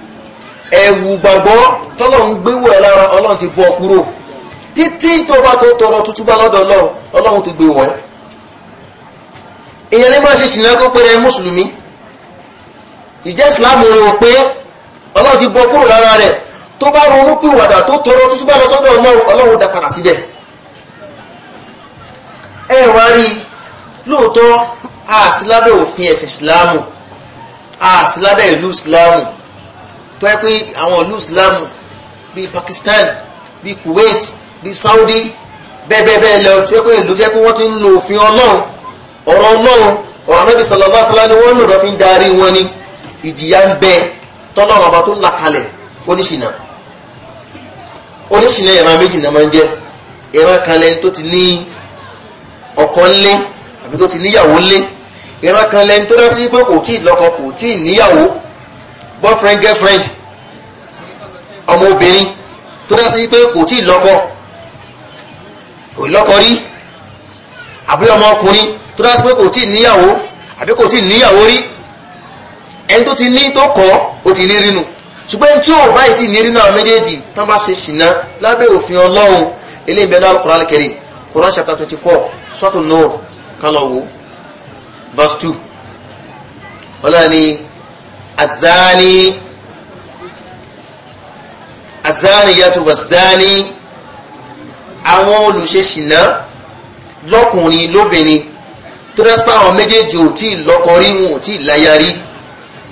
ẹ̀wù gbàgbọ́ tọ́lọ̀ ń gbéwò ẹ̀ lára ọlọ́run ti bọ́ kúrò títí tó bá tó tọrọ tútú bá lọ́dọ̀ ọlọ́run ọlọ́run ti gbé wọ́n ẹ̀ èèyàn ní máa ṣe ṣìnà kó péré mùsùlùmí ìjẹ́ ìsìlámù rò pé ọlọ́run ti bọ́ kúrò lára rẹ̀ tó bá ronú pìwàdà tó tọrọ tútú bá lọ sọ́dọ̀ ọlọ́run ọlọ́run dá padà síbẹ̀ ẹ wá rí lóòótọ́ àsìlábẹ̀ òfin ẹ̀sìn ìsìlámù àsìlábẹ̀ ìlú ìsìlámù. tó yẹ pé àwọn ìlú islam bíi pakistan bíi kuwait bíi saudi bẹ́ẹ̀ bẹ́ẹ̀ bẹ́ẹ̀ lọ tó yẹ pé ìlú tó yẹ pé wọ́n ti ń lo òfin ọlọ́run ọ̀rọ̀ ọlọ́run ọ̀rọ̀ anábì sallallahu alaihi wasallam ni wọ́n lòdọ̀ fi ń darí wọn ni ìjìyà ń bẹ tọ́lọ́run ọba tó là kalẹ̀ fóníṣìnà oníṣìnà ìran méjì náà máa ń jẹ́ ìran kalẹ̀ tó ti ní ọkọ ńlé àbí tó ti níyàwó ńlé ìran kalẹ̀ tó dá sí pé kò tí ì kò tí níyàwó boyfriend girlfriend ọmọ obìnrin tó dá sí pé kò tí ì lọ́kọ kò lọ́kọ rí àbí ọmọ ọkùnrin tó dá sí pé kò tí ì níyàwó àbí kò tí ì níyàwó rí ẹni tó ti ní tó kọ́ ó ti ní rínú ṣùgbọ́n ẹni tí ò báyìí ti ní rínú àwọn méjèèjì tán bá ṣe ṣìnà lábẹ́ òfin ọlọ́run eléyìí bẹ́ẹ̀ náà Al-Qur'an al Quran chapter twenty four sọ́tún Nur kálọ̀ wo verse two ọlọ́run ni azani azaniyatu wazani àwọn olùṣeṣìnà lọ́kùnrin lóbìnrin tó dá sípà àwọn méjèèjì ò tí ì lọ́kọ rí wọn ò tí ì láya rí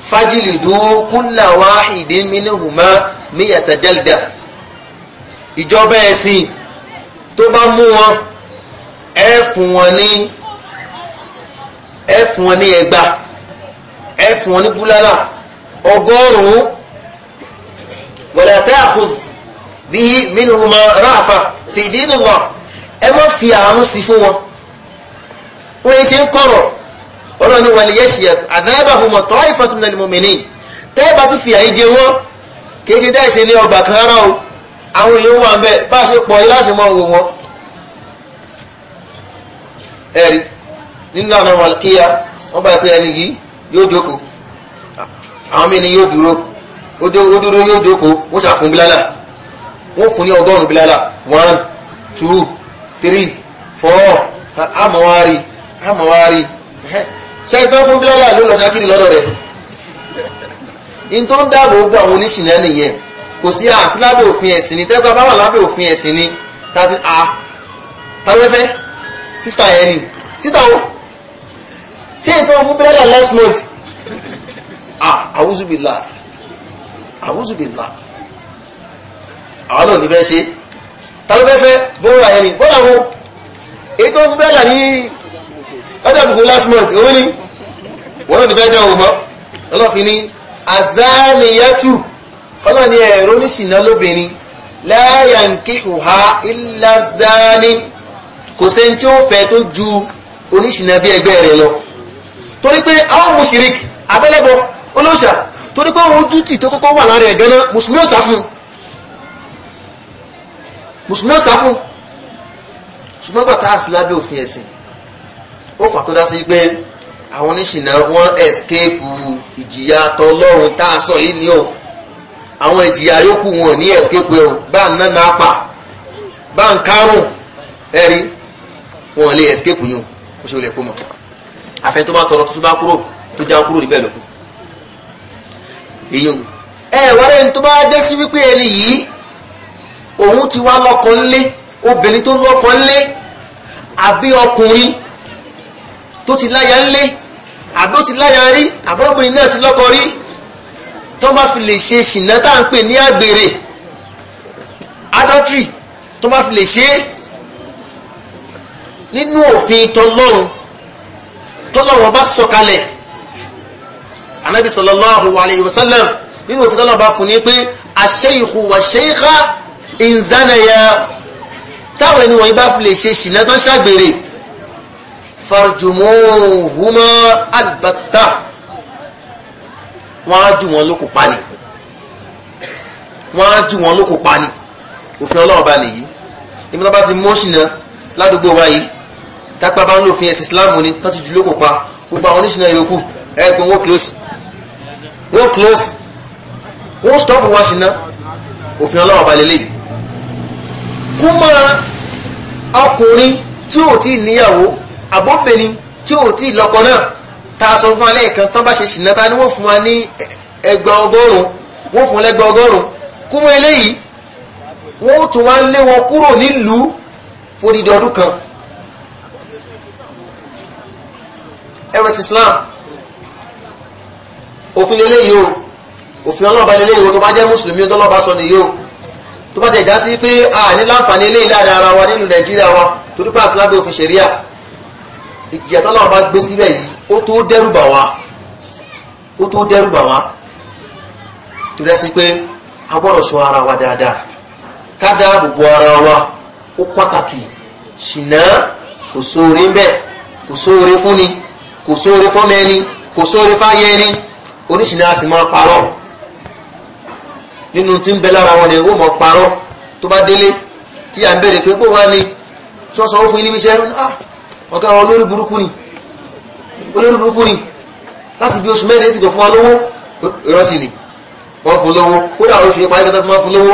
fájìlìdú kúlà wahidin minhuma mi'ata jalda ìjọba ẹ̀sìn tó bá mú wọn ẹ fún wọn ní ẹ fún wọn ní ẹgbàá ẹ fún wọn ní búlálà ọgọ́rùn-ún wala ta'khudh bihi minhuma ra'fa fi dinillah ẹ má fi àrùn sí fún wọn wọ́n yẹn ṣe ń kọ̀rọ̀ ọlọ́ni wal yashya adhabahuma ta'ifatun minal mu'minin tẹ́ẹ̀ bá sì fi àyè jẹ wọ́n kì í ṣe dá ìṣe ní ọgbà kan rárá o àwọn èèyàn wà ń bẹ bá ṣe pọ̀ iláṣẹ mọ́ wò wọ́n ẹ̀rí nínú àwọn àlùkíyà wọ́n bá pẹ́ ẹni yìí yóò jókòó àwọn míì ni yóò dúró ó dúró yóò jókòó wọ́n ṣàfún bílálà wọ́n fún ní ọgọ́rùn bílálà one two three four amọ̀wárí amọ̀wárí ṣẹ́yìn tó fún bílálà ló lọ sákìrì lọ́dọ̀ rẹ̀ in tó ń dáàbò gbọ́ àwọn oníṣìnà nìyẹn kò sí àsí lábẹ́ òfin ẹ̀sìn ni tẹ́gbà bá wà lábẹ́ òfin ẹ̀sìn ni tàbí a tàbẹ́fẹ́ sísà ẹni sísà ó ṣẹ́yìn tó fún bílálà last month àwùzùbìlà ah, àwùzùbìlà àwọn náà ní bẹ́ẹ̀ ṣe ta ló fẹ́fẹ́ bóra ẹni bóra wọn èyí tó ń fún bẹ́ẹ̀là ní ọjọ́ àbùkù last month òun ni wọ́n náà ní bẹ́ẹ̀ dán òun mọ́ ọlọ́fin ní azániyẹ́tù ọlọ́ni ẹ̀rọ oníṣìná lóbìnrin láyàǹkì ìhà ìlàzáni kò sẹ́ni tí ó fẹ́ tó ju oníṣìná bí ẹgbẹ́ rẹ̀ lọ torí pé àwọn mùṣírikí abẹ́lẹ́bọ olóòṣà torí pé òun dútì tó kọ́kọ́ wà lára ẹ̀gán náà mùsùlùmí ọ̀sá fún mùsùlùmí ọ̀sá fún ṣùgbọ́n gbà tá a sí lábẹ́ òfin ẹ̀sìn ó fà tó dá sí pé àwọn oníṣìnà wọ́n ẹ̀skẹ́pù ìjìyà tọlọ́run tá a sọ yìí ní o àwọn ìjìyà yòókù wọn ní ẹ̀skẹ́pù ẹ̀ bá ń náà náà bá ń kárùn ẹ̀rí wọn lè ẹ̀skẹ́pù yìí o ṣe olè kó mọ̀ àfẹ́ tó bá tọrọ tó bá kúrò tó já kúrò níbẹ̀ lókun èyàn ẹ wọlé ní tó bá jẹ́ sí wípé ẹni yìí òun ti wá lọ́kọ ńlé obìnrin tó lọ́kọ ńlé àbí ọkùnrin tó ti láya ńlé àbí ó ti láya rí àbí obìnrin náà ti lọ́kọ rí tó bá fi lè ṣe ṣìnà tá à ń pè ní àgbèrè adultery tó bá fi lè ṣe é nínú òfin tọlọ́run tọlọ́run bá sọ So anabi sallallahu alayhi wa sallam nínú òfin tọ́lọ́ bá fún ni pé aṣẹ́yìkù wà ṣẹ́yìká ìzánayà táwọn ẹni wọ̀nyí bá fi lè ṣe ṣìnà tán ṣàgbèrè farjumuhuma albata wọ́n á jù wọ́n lókò pani wọ́n á jù wọ́n lókò pani òfin ọlọ́run bá nìyí níbi tó bá ti mú ṣìnà ládùúgbò wa tápá bá ń lò fún ẹ̀sìn islam ni tó ti jù lókò pa gbogbo àwọn oníṣìnà yòókù ẹ̀ẹ́dùn owó kìlọ́sì wọ́n close wọ́n stop washing sí náà òfin ọlọ́wọ́ balẹ̀ lè kó máa ọkùnrin tí ò tí níyàwó àbóbìnrin tí ò tí lọ́kọ náà ta sọ fún alẹ́ ìkan tán bá ṣe ṣìnà ta ni wọ́n fún wa ní ẹgbẹ́ ọgọ́rùn wọ́n fún lẹ́gbẹ́ ọgọ́rùn kó mọ eléyìí wọ́n tún wá lé wọn kúrò nílùú fódìdí ọdún kan ẹwẹ́sì Islam òfin eléyìí o òfin ọlọ́ba eléyìí o tó bá jẹ́ mùsùlùmí tó lọ́ba sọ nìyí o tó bá jẹ́ ìjà pé a ní láǹfààní eléyìí láàrin ara wa nínú nàìjíríà wa torí pàṣẹ lábẹ́ òfin ṣẹ̀ríà ìjìyà tó lọ́ba gbé síbẹ̀ yìí ó tó dẹ́rù bà wá ó tó dẹ́rù bà wá tó dẹ́ pé a gbọ́dọ̀ sọ ara wa dáadáa ká dáàbò bo ara wa ó pàtàkì ṣìnà kò sóore ń bẹ kò sóore fúnni kò sóore fọ́mẹ́ni kò sóore fáyẹ́ni oníṣìnà a sì máa parọ́ nínú tí ń bẹ lára wọn ni wọ́n mọ̀ parọ́ tó bá délé tí à ń bẹ̀rẹ̀ pé bóun wá ní sọ́sọ́ ó fún ilé iṣẹ́ ah, ọ̀gá olórí burúkú ni olórí burúkú ni láti bí oṣù mẹ́rin sì kò fún wa lówó ìrọsì ni wọ́n fún lówó kódà oṣù yẹn parí kẹta tó máa fún lówó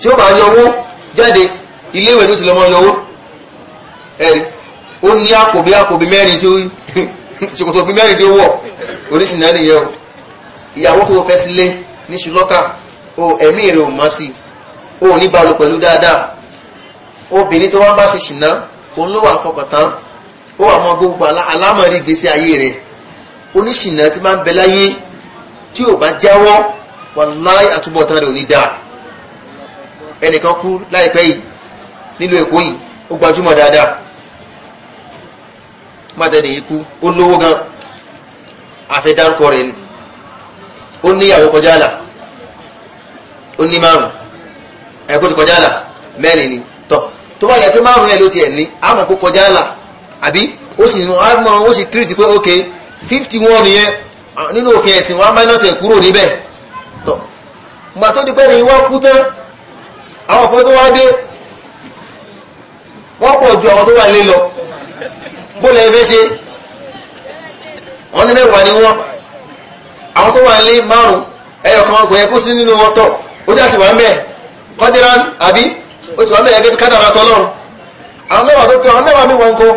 tí ó bá yọ owó jáde ilé ìwé tó ti lọ mọ yọ owó ẹ̀rí ó ní àpò bí àpò bí mẹ́rin tí ó [LAUGHS] ṣòkòtò bí náà nìyẹn o ìyàwó tó fẹ́ sílé ní ṣùlọ́kà o ẹ̀mí rẹ̀ ò mọ́ sí i o ní balò pẹ̀lú dáadáa obìnrin tó wá bá ṣe ṣìnà òun ló wà fọkàntán ó wà mọ gbogbo alámọ̀rí ìgbésí ayé rẹ̀ oníṣìnà tí máa ń bẹ láyé tí ò bá jáwọ́ wàláì àtúbọ̀tán rẹ̀ ò ní dáa ẹnìkan kú láìpẹ́ yìí nílùú èkó yìí ó gbajúmọ̀ dáadáa mọ́tẹ́ni yìí kú ó lówó gan àfẹ́dárúkọ rẹ̀ ni ó ní ìyàwó kọjá àlà ó ní márùn ẹ̀ kó ti kọjá àlà mẹ́rin ni tọ́ tó bá yẹ pé márùn yẹn ló tiẹ̀ ní àmọ́ kó kọjá àlà àbí ó sì àmọ́ ó sì tírìtì pé ok fifty one yẹn nínú òfin ẹ̀sìn wọn á minus ẹ̀ kúrò níbẹ̀ tọ́ gbà tó di pẹ́ ni wọ́n kú tán àwọn kan tó wá dé wọ́n pọ̀ ju àwọn tó wà lé lọ bó lẹ́yìn fẹ́ ṣe wọ́n ní mẹ́wàá ni wọ́n àwọn tó wà ń lé márùn ẹyọ kan kò yẹ kó sí nínú wọn tọ̀ ó ti àti wà mẹ́ẹ̀ kọ́dírà àbí ó ti wà mẹ́ẹ̀ gẹ́gẹ́ bí kádàrà tọ́lọ́run àwọn mẹ́wàá tó pé àwọn mẹ́wàá mi wọn kọ́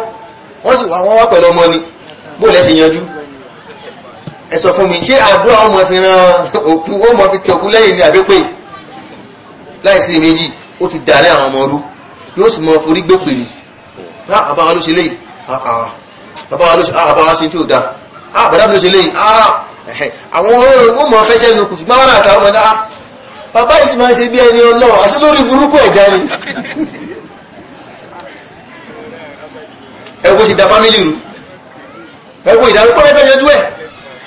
wọ́n sì wà wọ́n wá pẹ̀lú ọmọ ni bó lẹ́ ṣe yanjú ẹ sọ fún mi ṣé àdúrà ọmọ fi ran òkú ó mọ fi tẹ̀kú lẹ́yìn ní àbẹ́pẹ́ láìsí méjì ó ti dàrí àwọn ọmọ ọdún yóò sì mọ forí gbé pèrè àbáwá ló ṣe léyìí àbáwá ló ṣe tí ò dáa àbáwá ló ṣe léyìí àwọn ohun mọ̀ fẹ́sẹ̀ nù kù ṣùgbọ́n wọn àtàwọn ọmọdé ah bàbá yìí sì máa ṣe bí ẹni ọlọ́run àṣẹ lórí burúkú ẹ̀dá ni ẹgbẹ́ ti da fámìlì rú ẹgbẹ́ ìdárúkọ rẹ fẹ́ yanjú ẹ̀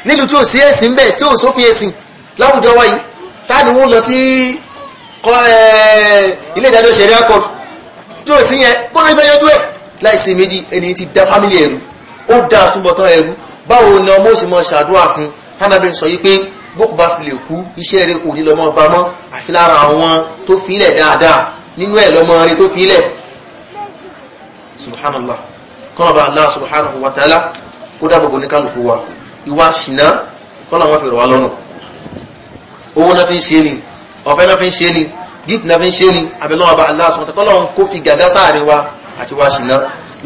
nílùú tí ò sí ẹ̀sìn bẹ́ẹ̀ tí ò sófin ẹ̀sìn láwùjọ wa yìí tá ni wọ́n lọ sí ilé ìdájọ́ ṣẹ̀rí akọ́dù tí ò sí yẹn bọ́lá ìfẹ́ yanjú ẹ̀ láìsí méjì ẹni tí da fámìlì ẹ̀rú ó da àtúbọ̀tán ẹ̀rú báwo ni ọmọ òsì mọ ṣàdúrà fún un tánàbí sọ yí pé bókù bá fi lè kú iṣẹ́ rẹ̀ kò ní lọ́mọ ọba mọ́ àfi lára àwọn tó fi ilẹ̀ dáadáa nínú ẹ̀ lọ́mọ rẹ̀ tó fi subhanallah kọ́nà Allah subhanahu wa ta'ala kó dáàbò bò ní kálukú wa ìwà ṣìnà kọ́nà wọn fi rọ̀ wá lọ́nà owó náà fi ń ṣe ni ọ̀fẹ́ náà fi ń ṣe ni gift náà fi ń ṣe ni àbẹ̀lọ́wọ́ bá Allah subhanahu wa ta'ala kọ́nà wọn kó fi gàgá sáàrin wa àti wá ṣìnà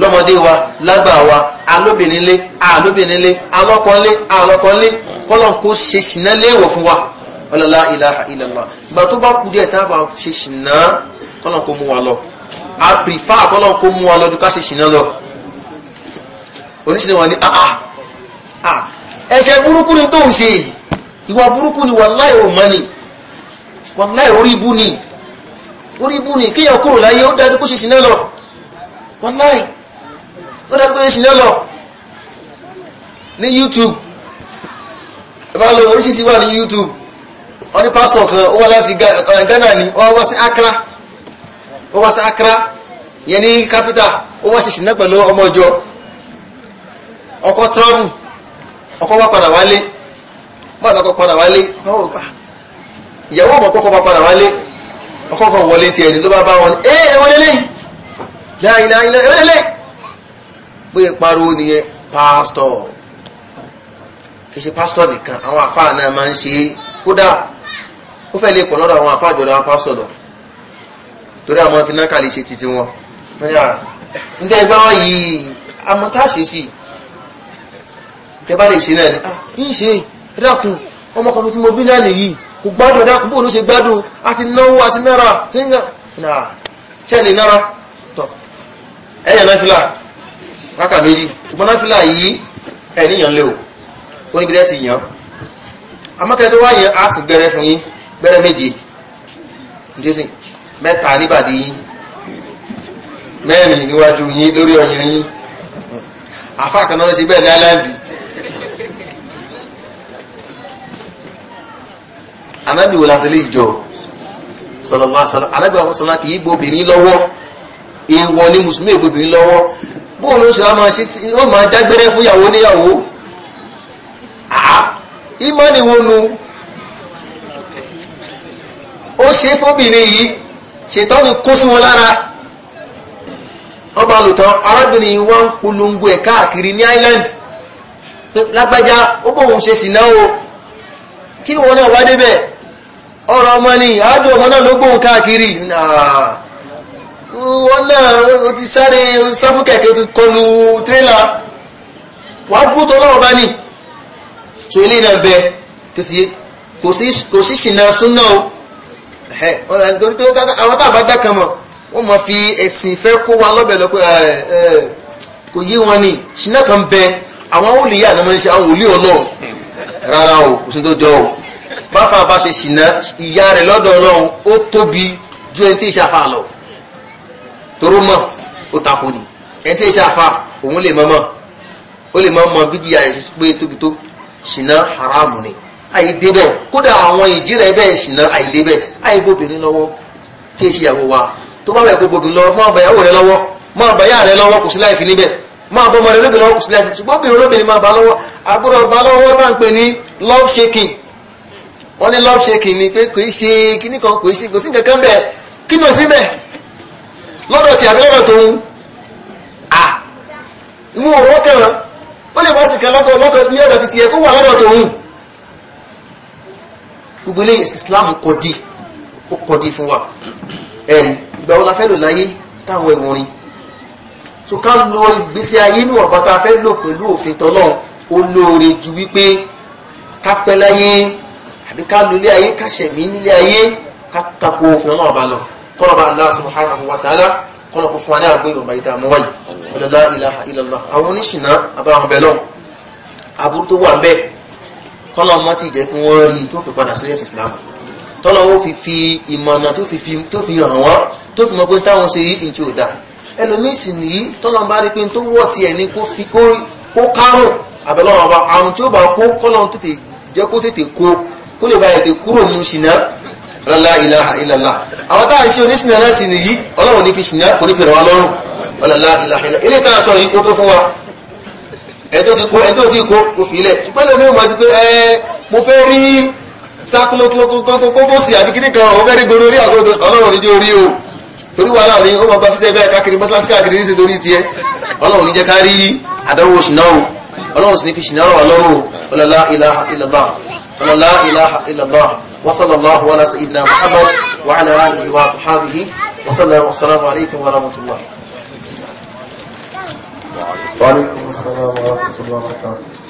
lọ́mọdé wa lágbà wa alóbìnrinlé alóbìnrinlé alọ́kànlé alọ́kànlé kọ́lọ́n kó ṣe ṣìnà léèwọ̀ fún wa ọlọ́lá ilaha illallah ìgbà tó bá kú díẹ̀ tá a bá ṣe ṣìnà kọ́lọ́n kó mú wa lọ a pìrìfà kọ́lọ́n kó mú wa lọ ju ká ṣe ṣìnà lọ oníṣẹ́ wọn ni ah, ah, ah, ẹ̀ṣẹ̀ burúkú ni tó ń ṣe ìwà burúkú ni wàláì ò mọ́ wàláì orí ibú ni orí ibú ni kéèyàn kúrò láyé ó dájú kó ṣe ṣìnà lọ wọláì ó dẹ́ pé ṣì lọ́lọ́ ní youtube ìbá lọ oríṣiríṣi wà ní youtube wọ́n ní pásọ̀ kan ó wá láti Ghana ni ó wá sí Accra ó wá sí Accra yẹn ní kápítà ó wá ṣèṣì náà pẹ̀lú ọmọ ìjọ ọkọ̀ trọ́mù ọkọ̀ wá padà wálé bàtà ọkọ̀ padà wálé ìyàwó ọmọ ọkọ̀ padà wálé ọkọ̀ kan wọlé tiẹ̀ ní ló bá bá wọn ẹ ẹ wọlé lẹ́yìn láàrin láàrin pariwo nìyẹn pásítọ̀ kì í ṣe pásítọ̀ nìkan àwọn àfáà náà máa ń ṣe é kódà ó fẹ́ lè pọ̀ lọ́dọ̀ àwọn àfáà jọ̀dọ̀ àwọn pásítọ̀ lọ torí àwọn ṣe titi wọn ẹgbẹ́ ah, wọn yìí ṣe sí bá lè ṣe náà ni ah ṣe dákun ọmọ kan tí mo bí náà nìyí kò gbádùn dákun bóun ṣe gbádùn àti náwó àti náírà kí náà ṣẹ́ni náírà ẹ̀yàn náfìlà rákà méjì ṣùgbọ́n náfìlà yìí ẹ̀ níyàn lé o ó níbi tẹ́tì yàn amákẹ́ tó wáyàn á sì gbẹrẹ fún yín gbẹrẹ méje ǹdísìn mẹ́ta níbàdí yín mẹ́rin níwájú yín lórí ọyàn yín àfa kan náà ṣe bẹ́ẹ̀ ní áìláńdì anábìwò làtẹlẹ ìjọ sọlọmọ sọlọ anábìwò sọlọ kì í bo obìnrin lọ́wọ́. èèwọ̀ ni mùsùlùmí ìgbòbìnrin lọwọ bóun ló ṣe a ma ṣe sí ọ máa dágbẹ́rẹ́ fúyàwó níyàwó ìmọ̀ni wo nu ó ṣe fóbìnrin yìí ṣètọ́ ni kó sún wọn lára ọba lùtàn arábìnrin yìí wọ́n ń polongo ẹ̀ káàkiri ní island lágbájá ó bóun ṣe sì o kí ni wọn náà wá débẹ̀ ọ̀rọ̀ ọmọ ni àádọ́ ọmọ náà wọn náà o ti sáré sáfù kẹ̀kẹ́ ti kọlu tírélà wàá bú tó lọ́wọ́ bá ní so ilé náà bẹ kò sí ṣìnà súnà o ọ̀nà nítorí tó àwọn tá a bá dákan mọ̀ wọ́n mọ̀ fi ẹ̀sìn fẹ́ kó wa lọ́bẹ̀ lọ pé kò yí wọn ni ṣìnà kan bẹ àwọn olùyà náà máa ń ṣe àwọn wòlíì ọlọ́run rárá o kò sí tó jọ o báfa bá ṣe ṣìnà ìyá rẹ̀ lọ́dọ̀ ọlọ́run ó tóbi ju ẹni tí ì toró mọ̀ ó tako ni ẹni tí iṣẹ́ àfa òun lè mọ́mọ́ ó lè mọ́mọ́ bí jìyà rẹ̀ pé tóbi tó ṣìnà haramu ni àìdé bẹ́ẹ̀ kódà àwọn ìjírà ẹ bẹ́ẹ̀ ṣìnà àìdé bẹ́ẹ̀ àìbóbìnrin lọ́wọ́ tí ì ṣe ìyàwó wa tó bá bẹ̀ kó bóbìnrin lọ́wọ́ máa bá ìyàwó rẹ lọ́wọ́ máa bá ìyá rẹ lọ́wọ́ kò sí láì fi níbẹ̀ máa rẹ lóbìnrin lọ́wọ́ kò sí láì fi obìnrin lóbìnrin máa bá lọ́wọ́ àbúrò bá lọ́wọ́ náà ń pè ní love shaking wọ́n ní love shaking ni pé kò í ṣe kíní kan kò í ṣe kò sí nǹkan kan bẹ́ẹ̀ kí ni ò sí bẹ́ẹ̀ lọ́dọ̀ tí àbí lọ́dọ̀ tóun à mú ọ̀rọ̀ kan ó lè fásitì kan lọ́kọ̀ lọ́kọ̀ ní ọ̀dọ̀ fi tiẹ̀ kó wà lọ́dọ̀ tóun gbogbo ilé Islam kò di ó kò di fún wa ẹ̀rì ìgbà wo la fẹ́ lò láyé táwọn ẹ̀wọ̀n rin so ká lo ìgbésí ayé ní ọ̀bá tá a fẹ́ lò pẹ̀lú òfin tọ́lọ́run ó lóore ju wípé ká pẹ́ láyé àbí ká lo ilé ayé ká ṣẹ̀mí nílé ayé ká tako òfin ọlọ́ọ̀bá lọ kọ́nọ̀bá Allah subhanahu wa ta'ala kọ́nọ̀ kó fún wa ní àgbé ìrọ̀mbà ìta àmúwáyì ọ̀lọ́lá ilaha illallah àwọn oníṣìnà abáwọn bẹ̀lọ́ aburú tó wà bẹ́ẹ̀ tọ́lọ́ ọmọ ti jẹ́ kí wọ́n rí tó fi padà sílẹ̀ islam tọ́lọ́ ó fi fi ìmọ̀nà tó fi hàn wọ́n tó fi mọ̀ pé táwọn ṣe yí ìtì ò dáa ẹlòmíì sì nìyí tọ́lọ́ bá rí pé tó wọ́ tiẹ̀ ní kó fi kó kárùn àbẹ̀lọ́wọ́ àrùn tí ó bá kó kọ́lọ́ tètè jẹ́ kó tètè kó kó lè bá ètè kúrò nù ṣìnà la ilaha illallah àwọn táà ń ṣe oníṣìnà náà sì nìyí ọlọ́run ní fi ṣìnà kò ní fi rẹ̀ wá lọ́rùn la ilaha illallah ilé táà sọ yìí kó tó fún wa ẹ̀tọ́ ti kó ẹ̀tọ́ ti kó kó fi ilẹ̀ ṣùgbọ́n lómi mọ̀ sí pé ẹ mo fẹ́ rí sákúlókókókókókósì àbíkíní kan mo fẹ́ rí gorí orí àgọ́dọ̀ ọlọ́run ní orí o torí wàhálà ni ó máa bá fi sẹ́fẹ́ káàkiri mọ́ṣáláṣí káàkiri وصلى الله على سيدنا محمد وعلى آله وصحابه وسلم والسلام عليكم ورحمة الله وعليكم السلام ورحمة الله وبركاته